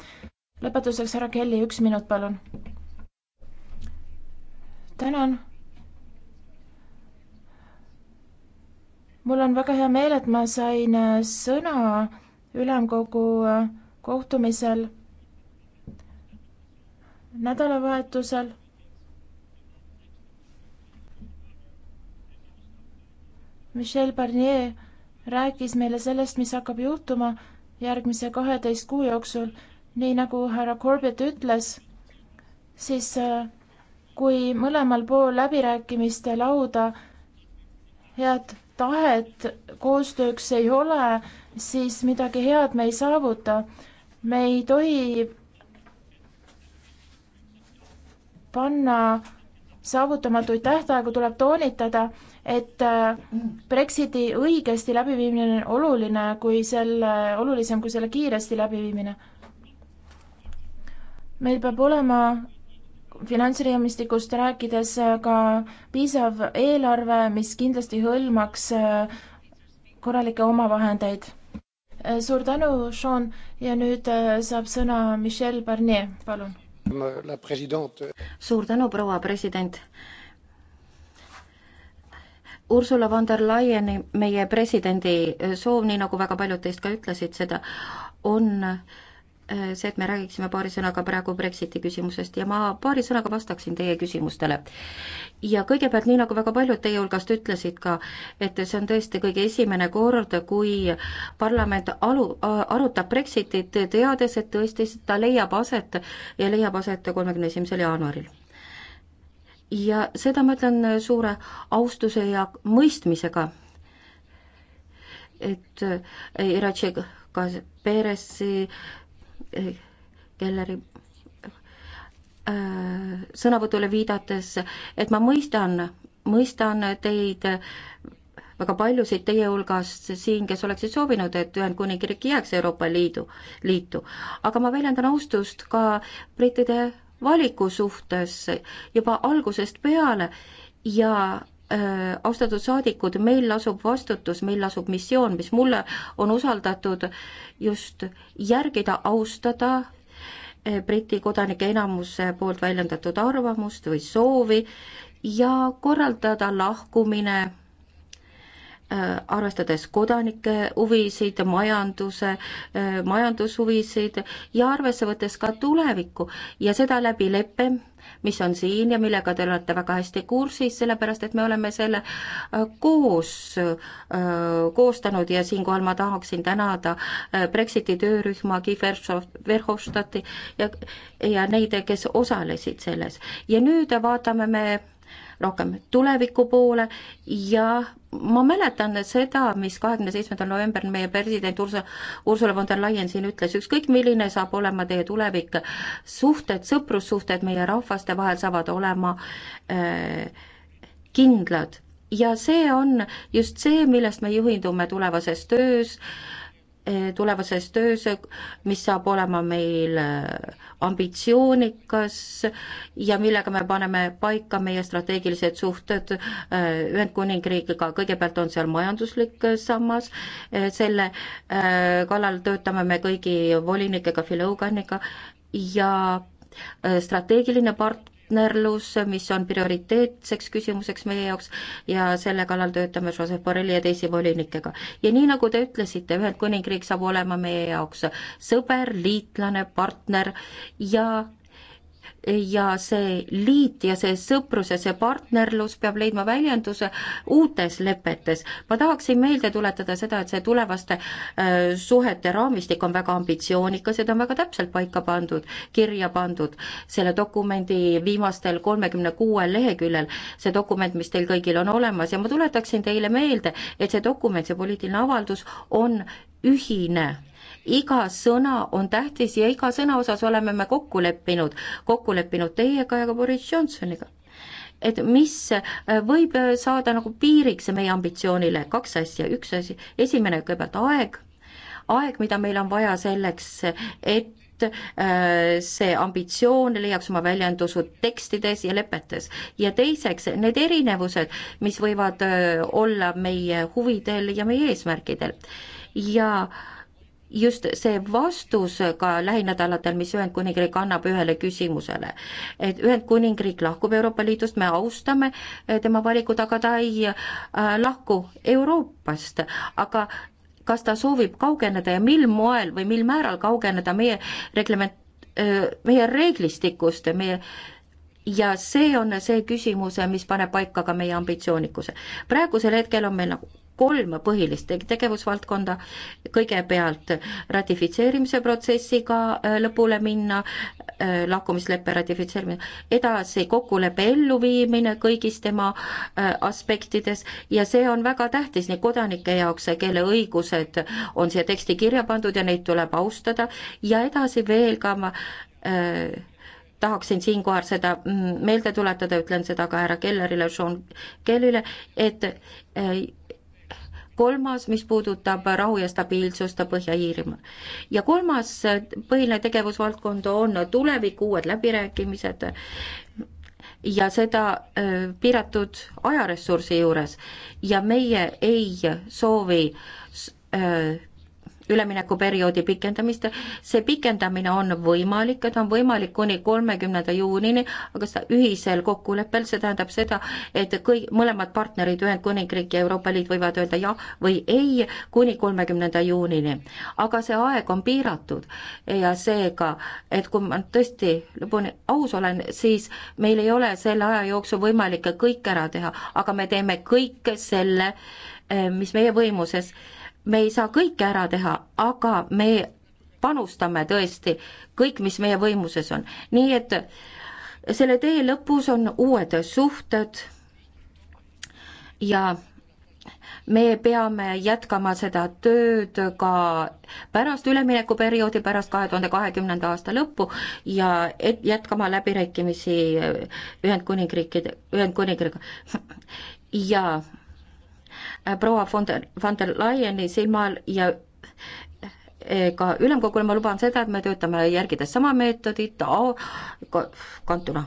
lõpetuseks, härra Kelly, üks minut, palun. tänan mul on väga hea meel, et ma sain äh, sõna ülemkogu äh, kohtumisel nädalavahetusel. Michel Barnier rääkis meile sellest, mis hakkab juhtuma järgmise kaheteist kuu jooksul, nii nagu härra Corbett ütles, siis äh, kui mõlemal pool läbirääkimiste lauda head tahet koostööks ei ole, siis midagi head me ei saavuta. me ei tohi panna saavutamatuid tähtaegu, tuleb toonitada, et äh, Brexiti õigesti läbiviimine on oluline, kui selle, olulisem kui selle kiiresti läbiviimine. meil peab olema finantsraamistikust rääkides äh, ka piisav eelarve, mis kindlasti hõlmaks äh, korralikke omavahendeid. Äh, suur tänu, Sean, ja nüüd saab sõna Michel Barnier, palun.
suur tänu, proua president. Ursula von der Leyeni, meie presidendi soov, nii nagu väga paljud teist ka ütlesid seda, on äh, Äh, see, et me räägiksime paari sõnaga praegu Brexiti küsimusest ja ma paari sõnaga vastaksin teie küsimustele. ja kõigepealt, nii nagu väga paljud teie hulgast ütlesid ka, et see on tõesti kõige esimene kord, kui parlament alu, äh, arutab Brexitit, teades, et tõesti ta leiab aset ja leiab aset kolmekümne esimesel jaanuaril ja seda ma ütlen suure austuse ja mõistmisega, et Iratšik Kasperesi Kelleri äh, sõnavõtule viidates, et ma mõistan, mõistan teid, väga paljusid teie hulgast siin, kes oleksid soovinud, et Ühendkuningriik jääks Euroopa Liidu, liitu. aga ma väljendan austust ka brittide valiku suhtes juba algusest peale ja Äh, austatud saadikud, meil lasub vastutus, meil lasub missioon, mis mulle on usaldatud just järgida, austada äh, Briti kodanike enamuse poolt väljendatud arvamust või soovi ja korraldada lahkumine äh, arvestades kodanike huvisid, majanduse, majandushuvisid ja arvesse võttes ka tulevikku ja seda läbi leppe, mis on siin ja millega te olete väga hästi kursis, sellepärast et me oleme selle äh, koos äh, koostanud ja siinkohal ma tahaksin tänada äh, Brexiti töörühma Kiefer Verhofstadti ja, ja neid, kes osalesid selles. ja nüüd vaatame me rohkem tuleviku poole ja ma mäletan seda, mis kahekümne seitsmendal novembril meie president Ursula, Ursula von der Leyen siin ütles, ükskõik milline saab olema teie tulevik, suhted, sõprussuhted meie rahvaste vahel saavad olema äh, kindlad ja see on just see, millest me juhindume tulevases töös äh,, Eh, tulevases töös, mis saab olema meil eh, ambitsioonikas ja millega me paneme paika meie strateegilised suhted eh, Ühendkuningriigiga, kõigepealt on seal majanduslik sammas, selle kallal töötame me kõigi volinikega, Phil Hoganiga ja strateegiline part-, partnerlus, mis on prioriteetseks küsimuseks meie jaoks ja selle kallal töötame Joseph Borrelli ja teisi volinikega. ja nii, nagu te ütlesite, Ühendkuningriik saab olema meie jaoks sõber, liitlane, partner ja ja see liit ja see sõprus ja see partnerlus peab leidma väljenduse uutes lepetes. ma tahaksin meelde tuletada seda, et see tulevaste äh, suhete raamistik on väga ambitsioonikas ja ta on väga täpselt paika pandud, kirja pandud. selle dokumendi viimastel kolmekümne kuuel leheküljel, see dokument, mis teil kõigil on olemas ja ma tuletaksin teile meelde, et see dokument, see poliitiline avaldus on ühine iga sõna on tähtis ja iga sõna osas oleme me kokku leppinud, kokku leppinud teiega ja ka Boris Johnsoniga et mis äh, võib äh, saada nagu piiriks meie ambitsioonile, kaks asja, üks asi, esimene kõigepealt aeg, aeg, mida meil on vaja selleks, et äh, see ambitsioon leiaks oma väljenduse tekstides ja lepetes. ja teiseks, need erinevused, mis võivad olla meie huvidel ja meie eesmärkidel. ja äh, just see vastus ka lähinädalatel, mis Ühendkuningriik annab ühele küsimusele. et Ühendkuningriik lahkub Euroopa Liidust, me austame eh, tema valikut, aga ta ei eh, lahku Euroopast, aga kas ta soovib kaugeneda ja mil moel või mil määral kaugeneda meie reglement, eh, meie reeglistikust, meie ja see on see küsimus, mis paneb paika ka meie ambitsioonikuse. praegusel hetkel on meil nagu kolm põhilist tegevusvaldkonda, kõigepealt ratifitseerimise protsessiga äh, lõpule minna, äh, lahkumisleppe ratifitseerimine, edasi kokkuleppe elluviimine kõigis tema äh, aspektides ja see on väga tähtis nii kodanike jaoks, kelle õigused on siia teksti kirja pandud ja neid tuleb austada ja edasi veel ka ma äh, tahaksin siinkohal seda mm, meelde tuletada, ütlen seda ka härra Kellerile, Sean Kellile, et kolmas, mis puudutab rahu ja stabiilsust Põhja-Iirimaal. ja kolmas põhiline tegevusvaldkond on tulevik, uued läbirääkimised ja seda äh, piiratud ajaressursi juures ja meie ei soovi äh, üleminekuperioodi pikendamist. see pikendamine on võimalik, ta on võimalik kuni kolmekümnenda juunini, aga seda ühisel kokkuleppel, see tähendab seda, et kõik, mõlemad partnerid, Ühendkuningriik ja Euroopa Liit võivad öelda jah või ei kuni kolmekümnenda juunini. aga see aeg on piiratud ja seega, et kui ma tõesti lõpuni aus olen, siis meil ei ole selle aja jooksul võimalik kõik ära teha, aga me teeme kõik selle, eh, mis meie võimuses me ei saa kõike ära teha, aga me panustame tõesti kõik, mis meie võimuses on. nii et selle tee lõpus on uued suhted ja me peame jätkama seda tööd ka pärast üleminekuperioodi, pärast kahe tuhande kahekümnenda aasta lõppu ja et jätkama läbirääkimisi Ühendkuningriikide, Ühendkuningriigiga. ja Äh, proua von der, von der Leyeni silmal ja äh, ka ülemkogule ma luban seda, et me töötame järgides sama meetodit au, kantuna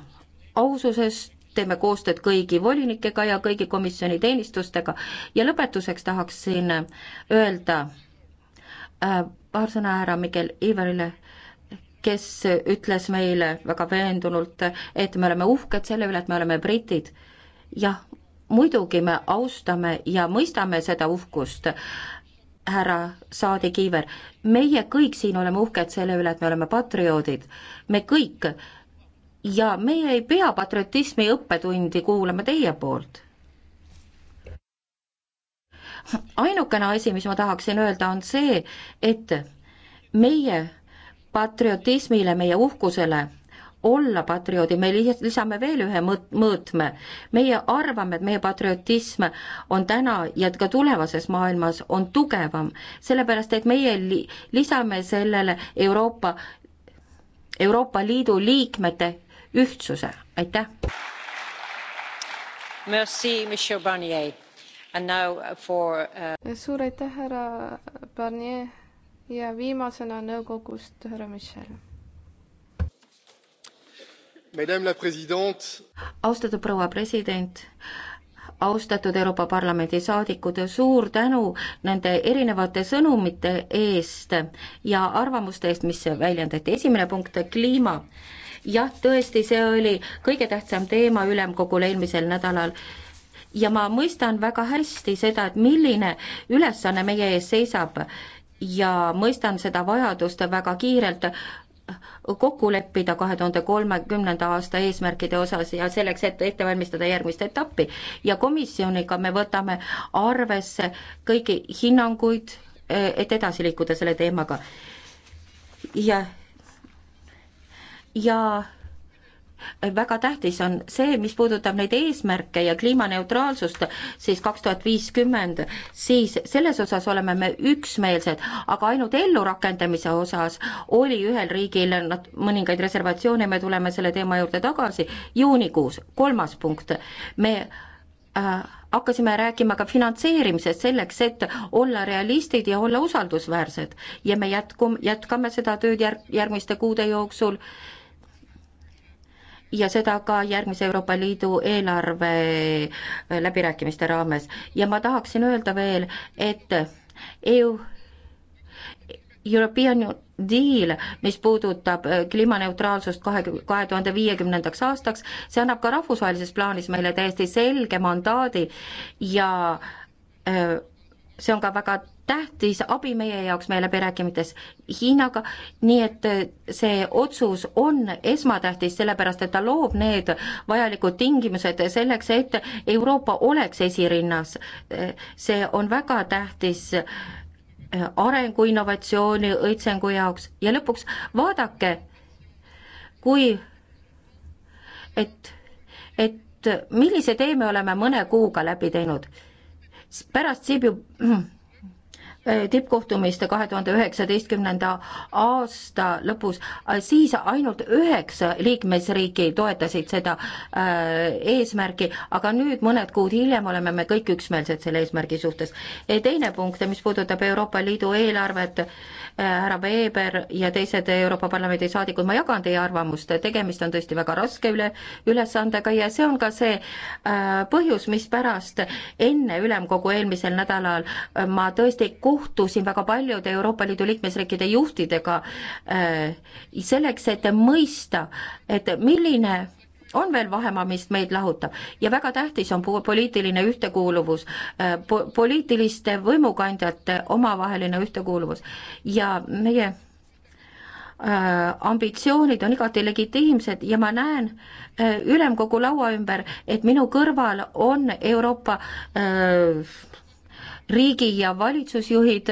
aususest, teeme koostööd kõigi volinikega ja kõigi komisjoni teenistustega ja lõpetuseks tahaksin öelda äh, paar sõna härra Mikel Ivarile, kes ütles meile väga veendunult, et me oleme uhked selle üle, et me oleme britid. jah, muidugi me austame ja mõistame seda uhkust, härra Saadi Kiiver, meie kõik siin oleme uhked selle üle, et me oleme patrioodid, me kõik, ja meie ei pea patriotismi õppetundi kuulama teie poolt ainukene asi, mis ma tahaksin öelda, on see, et meie patriotismile, meie uhkusele olla patrioodid, me lisame veel ühe mõõt-, mõõtme. meie arvame, et meie patriotism on täna ja ka tulevases maailmas on tugevam, sellepärast et meie li-, lisame sellele Euroopa, Euroopa Liidu liikmete ühtsuse, aitäh!
Merci, monsieur Barnier. And
now for uh... suur aitäh, härra Barnier ja viimasena
nõukogust härra Michel austatud proua president, austatud Euroopa Parlamendi saadikud, suur tänu nende erinevate sõnumite eest ja arvamuste eest, mis väljendati. esimene punkt, kliima. jah, tõesti, see oli kõige tähtsam teema ülemkogul eelmisel nädalal ja ma mõistan väga hästi seda, et milline ülesanne meie ees seisab ja mõistan seda vajadust väga kiirelt kokku leppida kahe tuhande kolmekümnenda aasta eesmärkide osas ja selleks, et ette valmistada järgmist etappi. ja komisjoniga me võtame arvesse kõiki hinnanguid, e, et edasi liikuda selle teemaga. ja, ja väga tähtis on see, mis puudutab neid eesmärke ja kliimaneutraalsust siis kaks tuhat viiskümmend, siis selles osas oleme me üksmeelsed, aga ainult ellurakendamise osas oli ühel riigil nad mõningaid reservatsioone, me tuleme selle teema juurde tagasi, juunikuus, kolmas punkt, me äh, hakkasime rääkima ka finantseerimisest selleks, et olla realistid ja olla usaldusväärsed ja me jätkum, jätkame seda tööd järg, järgmiste kuude jooksul ja seda ka järgmise Euroopa Liidu eelarve äh, läbirääkimiste raames. ja ma tahaksin öelda veel, et EU, European deal, mis puudutab äh, kliimaneutraalsust kahe, kahe tuhande viiekümnendaks aastaks, see annab ka rahvusvahelises plaanis meile täiesti selge mandaadi ja äh, see on ka väga tähtis abi meie jaoks meie läbirääkimistes Hiinaga, nii et äh, see otsus on esmatähtis, sellepärast et ta loob need vajalikud tingimused selleks, et Euroopa oleks esirinnas. Äh, see on väga tähtis äh, arengu, innovatsiooni, õitsengu jaoks ja lõpuks vaadake, kui et, et millise tee me oleme mõne kuuga läbi teinud. pärast Sibiu Äh, tippkohtumist kahe tuhande üheksateistkümnenda aasta lõpus, äh, siis ainult üheksa liikmesriiki toetasid seda äh, eesmärki, aga nüüd mõned kuud hiljem oleme me kõik üksmeelsed selle eesmärgi suhtes. teine punkt, mis puudutab Euroopa Liidu eelarvet, härra Weber ja teised Euroopa Parlamendi saadikud, ma jagan teie arvamust, tegemist on tõesti väga raske üle, ülesandega ja see on ka see põhjus, mispärast enne ülemkogu eelmisel nädalal ma tõesti kohtusin väga paljude Euroopa Liidu liikmesriikide juhtidega äh, selleks, et mõista, et milline on veel vahemaa, mis meid lahutab ja väga tähtis on poliitiline ühtekuuluvus äh, po, poliitiliste võimukandjate omavaheline ühtekuuluvus ja meie äh, ambitsioonid on igati legitiimsed ja ma näen ülemkogu laua ümber, et minu kõrval on Euroopa öö, riigi ja valitsusjuhid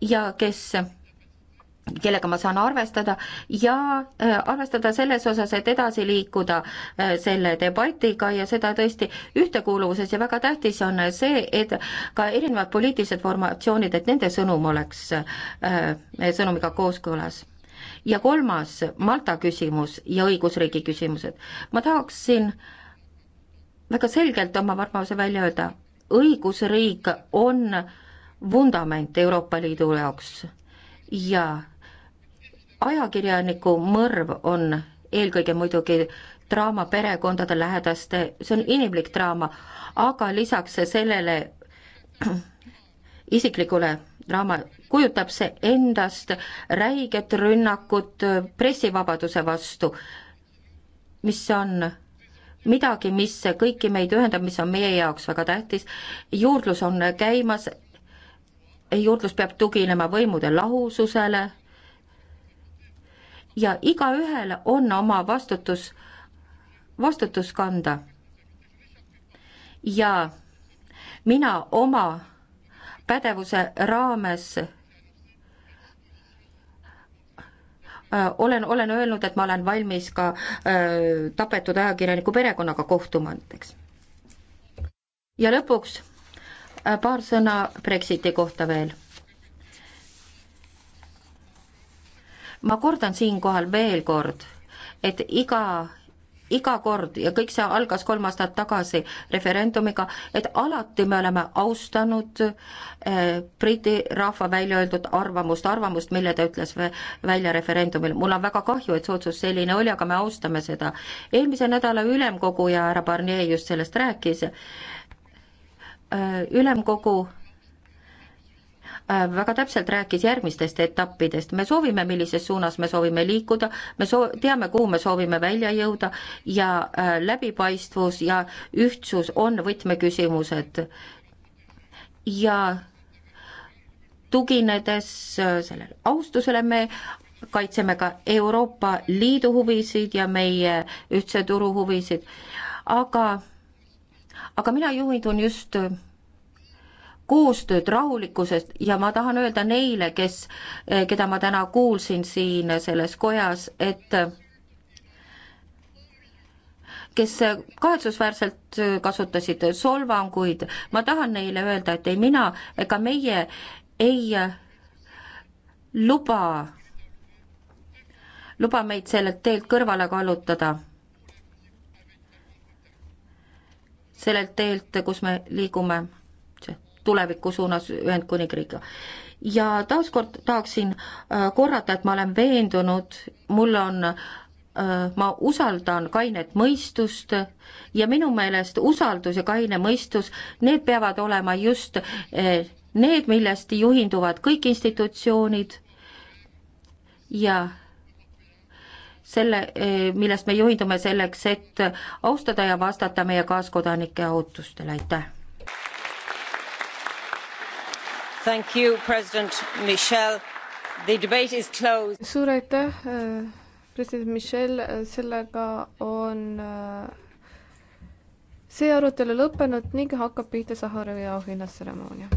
ja kes kellega ma saan arvestada ja äh, arvestada selles osas, et edasi liikuda äh, selle debatiga ja seda tõesti ühtekuuluvuses ja väga tähtis on see, et ka erinevad poliitilised formatsioonid, et nende sõnum oleks äh, sõnumiga kooskõlas. ja kolmas, Malta küsimus ja õigusriigi küsimused. ma tahaksin äh, väga selgelt oma arvamuse välja öelda, õigusriik on vundament Euroopa Liidu jaoks ja ajakirjaniku mõrv on eelkõige muidugi draama perekondade lähedaste, see on inimlik draama, aga lisaks sellele isiklikule draama kujutab see endast räiget rünnakut pressivabaduse vastu, mis on midagi, mis kõiki meid ühendab, mis on meie jaoks väga tähtis, juurdlus on käimas, juurdlus peab tuginema võimude lahususele ja igaühel on oma vastutus, vastutus kanda. ja mina oma pädevuse raames Äh, olen, olen öelnud, et ma olen valmis ka öö, äh, tapetud ajakirjaniku perekonnaga kohtuma näiteks. ja lõpuks äh, paar sõna Brexiti kohta veel. ma kordan siinkohal veel kord, et iga iga kord ja kõik see algas kolm aastat tagasi referendumiga, et alati me oleme austanud eh, Briti rahva välja öeldud arvamust, arvamust, mille ta ütles välja referendumil. mul on väga kahju, et see otsus selline oli, aga me austame seda. eelmise nädala ülemkogu ja härra Barnier just sellest rääkis, äh, ülemkogu Äh, väga täpselt rääkis järgmistest etappidest, me soovime, millises suunas me soovime liikuda, me soo-, teame, kuhu me soovime välja jõuda ja äh, läbipaistvus ja ühtsus on võtmeküsimused. ja tuginedes äh, sellele austusele me kaitseme ka Euroopa Liidu huvisid ja meie ühtse turu huvisid, aga, aga mina juhindun just koostööd rahulikkusest ja ma tahan öelda neile, kes, keda ma täna kuulsin siin selles kojas, et kes kahetsusväärselt kasutasid solvanguid, ma tahan neile öelda, et ei mina ega meie ei luba, luba meid sellelt teelt kõrvale kallutada. sellelt teelt, kus me liigume tuleviku suunas Ühendkuningriigiga. ja taaskord tahaksin äh, korrata, et ma olen veendunud, mul on äh, ma usaldan kainet mõistust ja minu meelest usaldus ja kaine mõistus, need peavad olema just äh, need, millest juhinduvad kõik institutsioonid ja selle, millest me juhindume selleks, et austada ja vastata meie kaaskodanike ootustele, aitäh!
suur aitäh, äh, president Michel, äh, sellega on äh, see arutelu lõppenud ning hakkab pihta Sahharovi auhinnatseremoonia.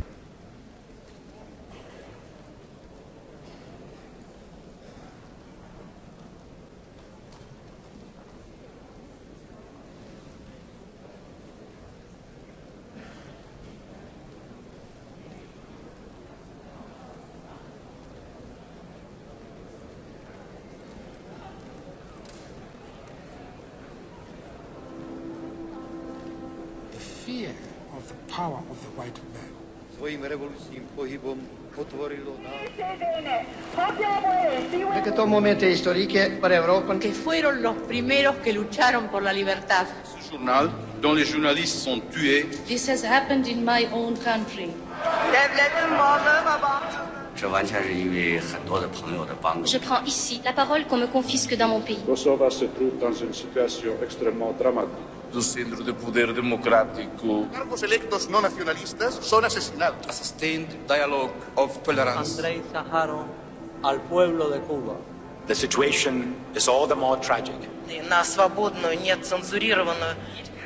pohybom otvorilo nám. Creo que to momente historique para Europa. Que fueron los primeros que lucharon por la libertad. Ce journal dont les journalistes sont tués.
This has happened in my own country. Devletin varlığı ve bağımsızlığı 这完全是因为很多的朋友的帮助。Je prends ici la parole qu'on
me confisque dans mon pays. Kosova se trouve dans une situation
extrêmement dramatique. do Centro de Poder Democrático.
Cargos electos no nacionalistas son asesinados. A sustained
dialogue of tolerance.
Andrei Saharov al pueblo de Cuba.
The situation
is all the more tragic.
На свободную, нецензурированную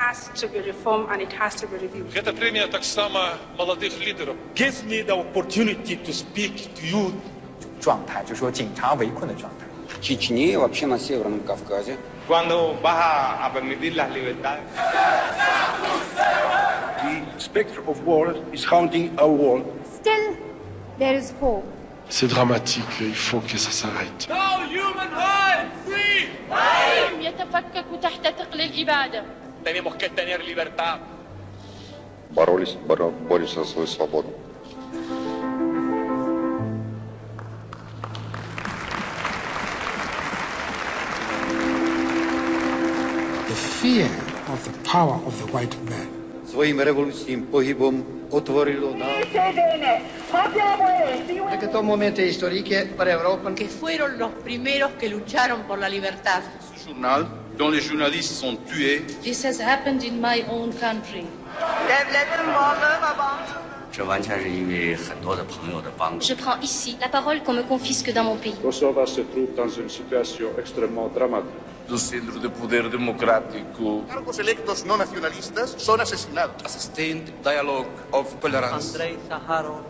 has to be reformed and it has to be reviewed. Гэта премія таксама молодых лідерів. Gives me the
opportunity to speak to you. 状态就是说警察围困的状态。Чечне,
вообще на Северном Кавказе.
Cuando vas a permitir las libertades.
The specter of war is haunting our world. Still, there is hope.
C'est dramatique, il faut que ça s'arrête. No
human rights! يتفكك تحت ثقل الإبادة
Tenemos que tener
libertad.
Боролись, боро, борются за свою свободу.
The fear of the power of the white man.
Svojim revolučným pohybom otvorilo na...
Porque son momentos históricos para Europa. Que fueron los primeros que lucharon por la libertad. Su jornal dont les journalistes sont tués. This has happened in
my own country. 这完全是因为很多的朋友的帮助。Je prends ici la parole qu'on me confisque dans mon pays.
Kosova se trouve dans une situation extrêmement dramatique. Do centro de poder democrático. Cargos electos no
nacionalistas son asesinados. A sustained dialogue of tolerance. Andrei Saharov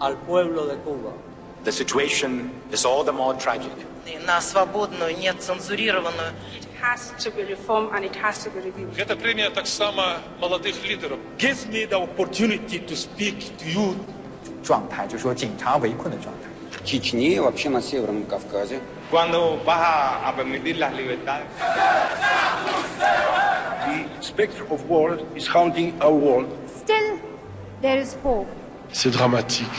al pueblo de Cuba. The situation is all the more tragic. На свободную, нецензурированную Гэта
прэмія таксама маладых лідараў. Gives me the opportunity to speak to you. 状态就是说警察围困的状态。в Чечне, вообще на Северном Кавказе. The specter of war is haunting our world.
Still, there is hope.
C'est dramatique.